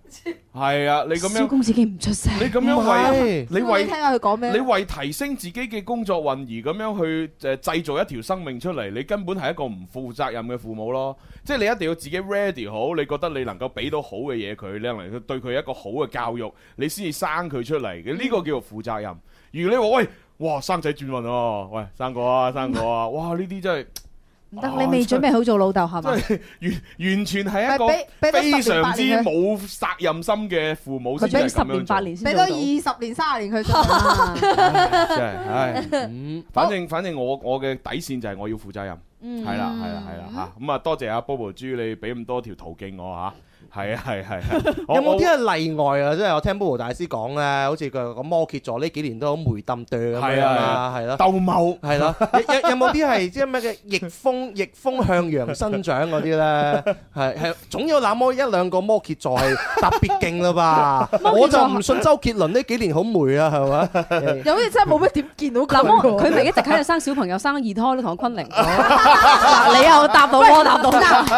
係啊，你咁樣，自己唔出聲，你咁樣為，你為聽下佢講咩？你為提升自己嘅工作運而咁樣去誒製造一條生命出嚟，你根本係一個唔負責任嘅父母咯。即係你一定要自己 ready 好，你覺得你能夠俾到好嘅嘢佢，你能夠對佢一個好嘅教育，你先至生佢。出嚟嘅呢個叫做負責任。如果你話喂，哇，生仔轉運哦，喂，生個啊，生個啊，果啊是哇呢啲真係唔得，行啊、你未準備好做老豆係嘛？真係完完全係一個非常之冇責任心嘅父母先至咁樣做。俾十年八年先做到，俾多二十年卅年佢。真係，唉，反正反正我我嘅底線就係我要負責任。 嗯，係啦係啦係啦吓，咁啊多謝阿 Bobo 豬你俾咁多條途徑我吓。啊係啊，係係，有冇啲係例外啊？即係我聽 Bobo 大師講咧，好似個個摩羯座呢幾年都好霉冧朵咁樣啦，係咯。鬥茂係咯，有有有冇啲係即係咩嘅逆風逆風向陽生長嗰啲咧？係係，總有那麼一兩個摩羯座係特別勁啦吧？我就唔信周杰倫呢幾年好霉啊，係嘛？又好似真係冇乜點見到佢。嗱，佢佢咪一直喺度生小朋友，生二胎咯，同佢昆凌。嗱，你又答到，我答到。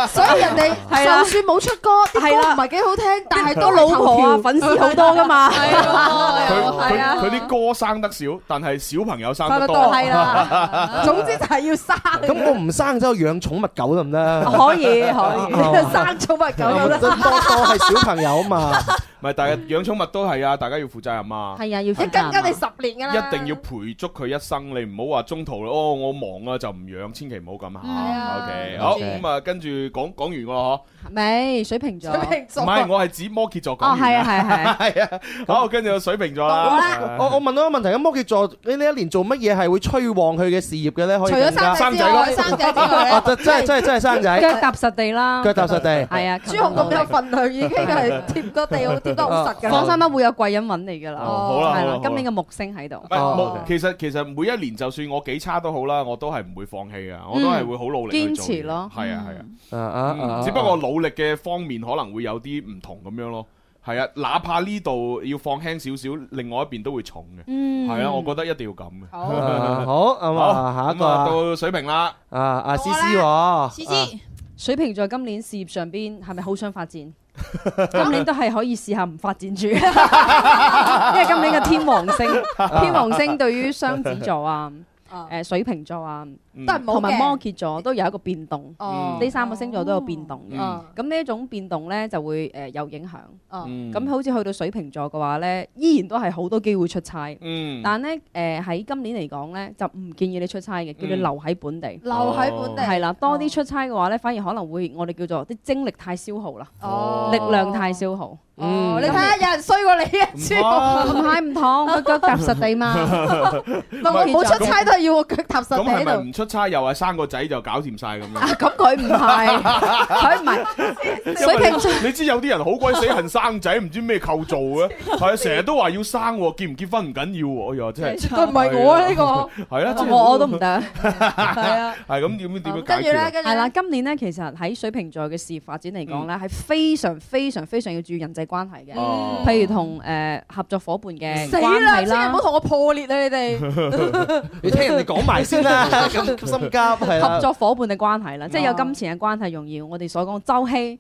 所以人哋就算冇出歌。係啊，唔係幾好聽，但係都老婆啊，粉絲好多噶嘛。佢佢啲歌生得少，但係小朋友生得多。係啊，總之就係要生。咁我唔生，走去養寵物狗得唔得？可以可以，生寵物狗。多多係小朋友嘛，唔係大家養寵物都係啊，大家要負責任啊。係啊，要負責任。跟跟你十年噶啦，一定要陪足佢一生，你唔好話中途咯。哦，我忙啊，就唔養，千祈唔好咁吓。O K，好咁啊，跟住講講完啦嗬。咪，水瓶座。唔係，我係指摩羯座講完。係啊係啊係啊，好，跟住水瓶座啦。我我問到個問題：咁摩羯座你呢一年做乜嘢係會催旺佢嘅事業嘅咧？除咗生仔之外，生仔之外，真真真真係生仔，腳踏實地啦，腳踏實地係啊。朱紅咁有份量，已經係貼個地，貼得好實㗎。放心啦，會有貴人揾你噶啦。好啦，係啦，今年嘅木星喺度。唔係，其實其實每一年就算我幾差都好啦，我都係唔會放棄㗎，我都係會好努力堅持咯。係啊係啊，只不過努力嘅方面可。可能會有啲唔同咁樣咯，係啊，哪怕呢度要放輕少少，另外一邊都會重嘅，嗯，係啊，我覺得一定要咁嘅、啊。好， 好，好、啊，下一個、啊嗯、到水平瓶啦、啊，啊，阿思思，思思、啊，水瓶在今年事業上邊係咪好想發展？ 今年都係可以試下唔發展住， 因為今年嘅天王星， 啊、天王星對於雙子座啊，誒、啊，水瓶座啊。同埋摩羯座都有一個變動，呢三個星座都有變動嘅。咁呢一種變動咧，就會誒有影響。咁好似去到水瓶座嘅話咧，依然都係好多機會出差。但咧誒喺今年嚟講咧，就唔建議你出差嘅，叫你留喺本地。留喺本地係啦，多啲出差嘅話咧，反而可能會我哋叫做啲精力太消耗啦，力量太消耗。你睇下有人衰過你一啊？唔係唔同，腳踏實地嘛。我冇出差都係要我腳踏實地喺度。差又係生個仔就搞掂晒咁樣，咁佢唔係，佢唔係水瓶座。你知有啲人好鬼死恨生仔，唔知咩構造嘅？係啊，成日都話要生，結唔結婚唔緊要。哎喲，真係，唔係我呢個，係啊，我我都唔得，係啊，係咁，點樣點樣跟住呢，跟住？係啦，今年咧，其實喺水瓶座嘅事業發展嚟講咧，係非常非常非常要注意人際關係嘅，譬如同誒合作夥伴嘅關係啦。死啦，千祈唔好同我破裂啊！你哋，你聽人哋講埋先啦。心急，合作伙伴嘅關係啦，即係有金錢嘅關係，容易我哋所講周希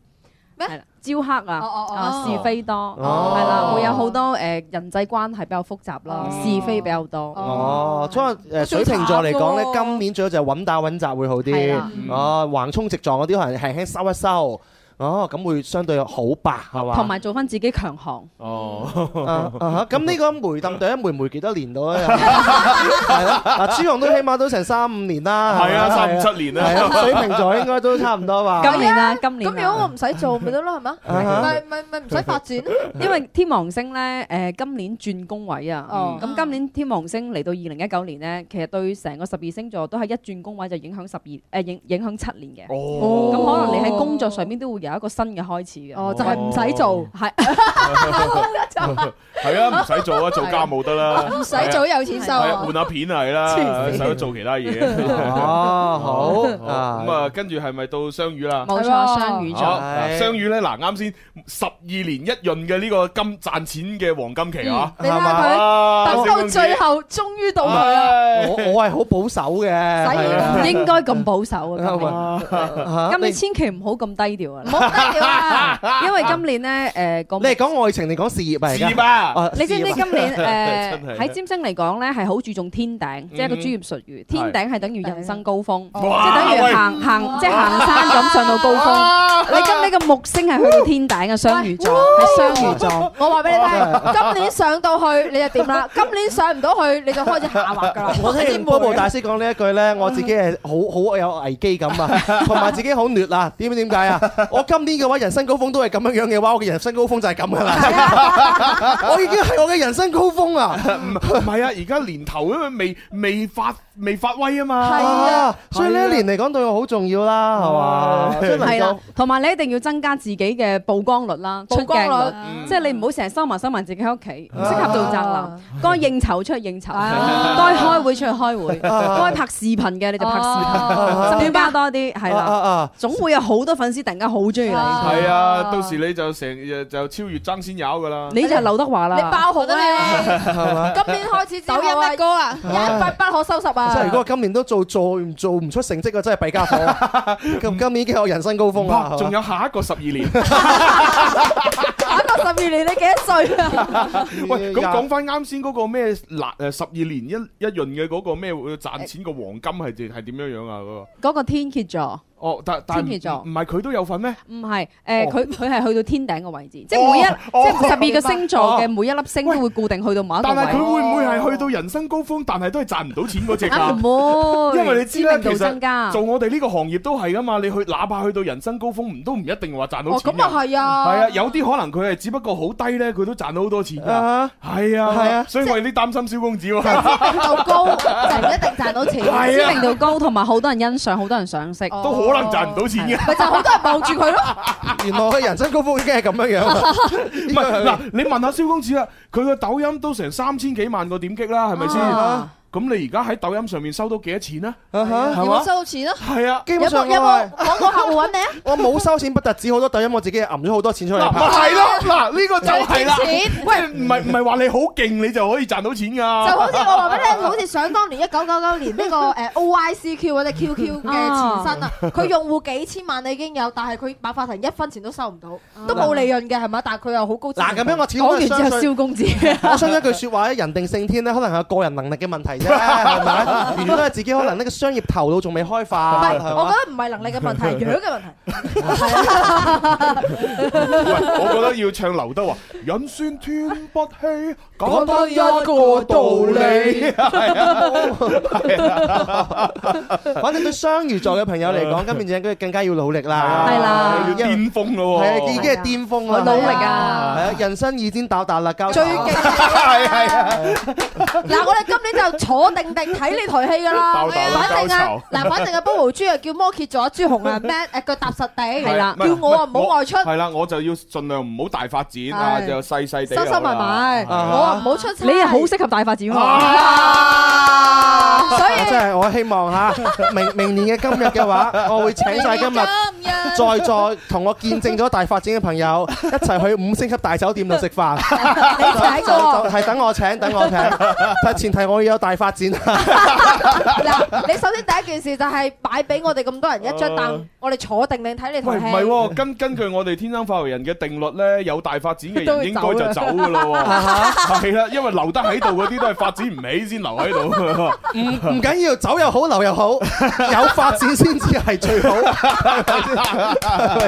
咩招黑啊，啊是非多，係啦，會有好多誒人際關係比較複雜啦，是非比較多。哦，所以水瓶座嚟講咧，今年最好就穩打穩紮會好啲。哦，橫衝直撞嗰啲可能輕輕收一收。哦，咁會相對好白係嘛？同埋做翻自己強項。哦，啊啊嚇！咁呢個梅淡對啊梅梅幾多年到咧？係咯，嗱，朱紅都起碼都成三五年啦，係啊，三五七年啦，水瓶座應該都差唔多吧？咁樣啊，今年咁如果我唔使做咪得咯，係嘛？唔係唔係唔使發展咯。因為天王星咧，誒今年轉宮位啊。哦。咁今年天王星嚟到二零一九年咧，其實對成個十二星座都係一轉宮位就影響十二誒影影響七年嘅。哦。咁可能你喺工作上面都會。有一個新嘅開始嘅，哦就係唔使做，係係啊唔使做啊，做家務得啦，唔使做有錢收，換下片係啦，唔使做其他嘢。哦好，咁啊跟住係咪到雙魚啦？冇錯，雙魚座，雙魚咧嗱，啱先十二年一閏嘅呢個金賺錢嘅黃金期啊，你睇佢等到最後終於到佢啦。我我係好保守嘅，唔應該咁保守啊，咁你千祈唔好咁低調啊。不得了，因為今年咧，誒講你係講愛情定講事業啊？事業啊！你知唔知今年誒喺占星嚟講咧，係好注重天頂，即係個專業術語。天頂係等於人生高峰，即係等於行行即係行山咁上到高峰。你今日個木星係去天頂嘅雙魚座，係雙魚座。我話俾你聽，今年上到去你就點啦？今年上唔到去你就開始下滑㗎啦。我聽波波大師講呢一句咧，我自己係好好有危機感啊，同埋自己好劣啊。點點解啊？我。今年嘅話人生高峰都係咁樣樣嘅話，我嘅人生高峰就係咁噶啦！我已經係我嘅人生高峰啊！唔係啊，而家年頭因為未未發未發威啊嘛！係啊，所以呢一年嚟講對我好重要啦，係嘛？係啦，同埋你一定要增加自己嘅曝光率啦，曝光率，即係你唔好成日收埋收埋自己喺屋企，唔適合做宅男。該應酬出去應酬，該開會出去開會，該拍視頻嘅你就拍視頻，增加多啲係啦。總會有好多粉絲突然間好。係啊，到時你就成就超越爭先有噶啦，你就劉德華啦，你爆紅啦，啊，係嘛？ 吧今年開始走音咩哥啊，一發 不可收拾啊！即係如果今年都做做唔做唔出成績嘅，啊，真係弊家伙，啊。咁 不今年已經係我人生高峰啦，啊，仲，啊、有下一個十二年。 十二年你幾多歲啊？ 喂，咁講翻啱先嗰個咩？辣誒，十二年一一閏嘅嗰個咩賺錢嘅黃金係係點樣樣啊？嗰個、欸、個天蠍座哦，但，但天蠍座唔係佢都有份咩？唔係誒，佢佢係去到天頂嘅位置，即係每一、哦哦、即係十二個星座嘅每一粒星都會固定去到某一個位。但係佢會唔會係去到人生高峰，但係都係賺唔到錢嗰隻噶？ 因為你知啦，知其實做我哋呢個行業都係噶嘛。你去哪怕去到人生高峰，唔都唔一定話賺到錢。咁啊係啊，係啊，有啲可能佢係。只不過好低咧，佢都賺到好多錢啊！係啊，係啊，所以我有啲擔心蕭公子喎。知名度高就唔一定賺到錢，知名度高同埋好多人欣賞，好多人賞識，都可能賺唔到錢嘅。咪就係好多人望住佢咯。原來佢人生高峰已經係咁樣樣。唔係嗱，你問下蕭公子啊，佢個抖音都成三千幾萬個點擊啦，係咪先？咁你而家喺抖音上面收到幾多錢呢？啊哈、uh，而、huh, 吧收到錢咯，係啊，基本上我係講客戶揾你， 我冇收錢不得止，好多抖音我自己揞咗好多錢出嚟拍、 啊、係、就、咯、是，嗱、啊、呢、這個就係啦。喂，唔係唔係話你好勁你就可以賺到錢㗎？ 就好似我話俾你聽，好似想當年一九九九年呢個誒 O I C Q 或者 Q Q 嘅前身啊，佢 用戶幾千萬，你已經有，但係佢馬化騰一分錢都收唔到，都冇利潤嘅係咪？但係佢又好高。嗱咁、啊、樣我講完之後蕭公子，我想說一句説話咧，人定勝天咧，可能係個人能力嘅問題。係咪？完都係自己可能呢個商業頭腦仲未開發。我覺得唔係能力嘅問題， 係樣嘅問題。唔 我覺得要唱劉德華。人算天不欺。講多一個道理，係啊，反正對雙魚座嘅朋友嚟講，今年就應該更加要努力啦，係啦，要巔峰咯，係啊，已經係巔峰啦，努力啊，係啊，人生已經到達啦，交最勁，係係啊，嗱，我哋今年就坐定定睇呢台戲噶啦，反正啊，嗱，反正啊，煲毛豬啊，叫摩羯座阿朱紅啊，man 誒腳踏實地係啦，叫我啊唔好外出，係啦，我就要盡量唔好大發展啊，就細細哋，收收埋埋，我。唔好、哦、出聲，你又好適合大發展、啊、所以即係 我，我希望嚇明明年嘅今日嘅話，我會請晒今日在座同我見證咗大發展嘅朋友一齊去五星級大酒店度食飯。係、 那個、等我請，等我請， 但前提我要有大發展。嗱， 你首先第一件事就係擺俾我哋咁多人一張凳，呃、我哋坐定定睇你睇。唔係跟根據我哋天生化為人嘅定律咧，有大發展嘅人應該就走噶啦喎。啊 係啦，因為留得喺度嗰啲都係發展唔起先留喺度。唔唔緊要，走又好，留又好，有發展先至係最好。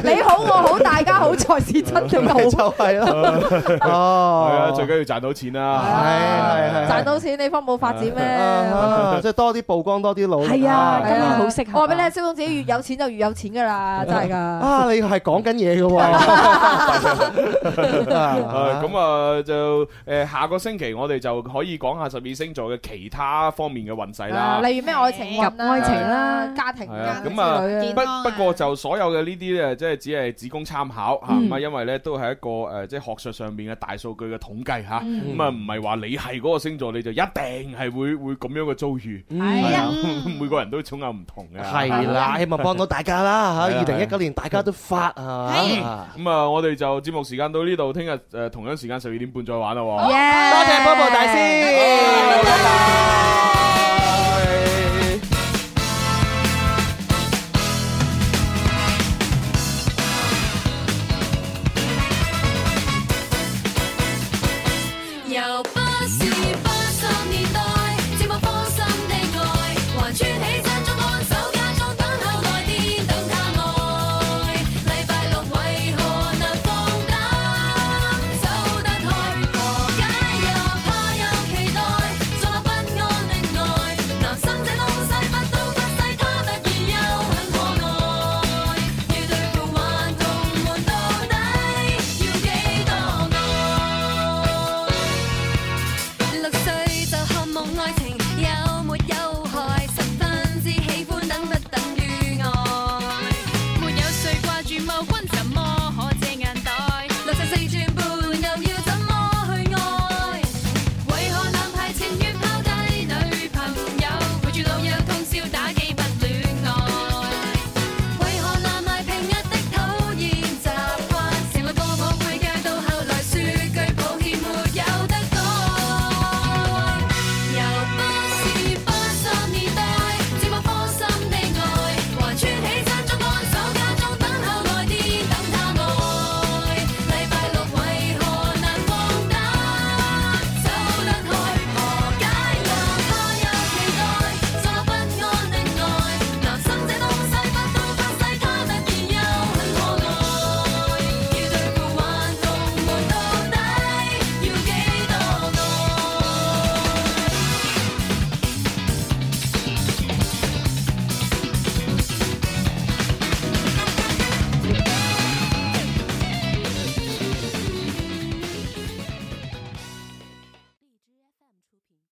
你好，我好，大家好才是真的好。就係咯。哦，係啊，最緊要賺到錢啦。係係係，賺到錢你方冇發展咩？即係多啲曝光，多啲路。係啊，好適合。識。話俾你聽，公子越有錢就越有錢噶啦，真係噶。啊，你係講緊嘢噶喎。咁啊，就誒。下個星期我哋就可以講下十二星座嘅其他方面嘅運勢啦，例如咩愛情運啦、愛情啦、家庭啊、子女、健康啊。咁啊，不不過就所有嘅呢啲咧，即係只係只供參考吓，咁啊，因為咧都係一個誒，即係學術上面嘅大數據嘅統計吓，咁啊，唔係話你係嗰個星座你就一定係會會咁樣嘅遭遇，係啊，每個人都總有唔同嘅。係啦，希望幫到大家啦吓。二零一九年大家都發啊，咁啊，我哋就節目時間到呢度，聽日誒同樣時間十二點半再玩啦。多謝波波大師。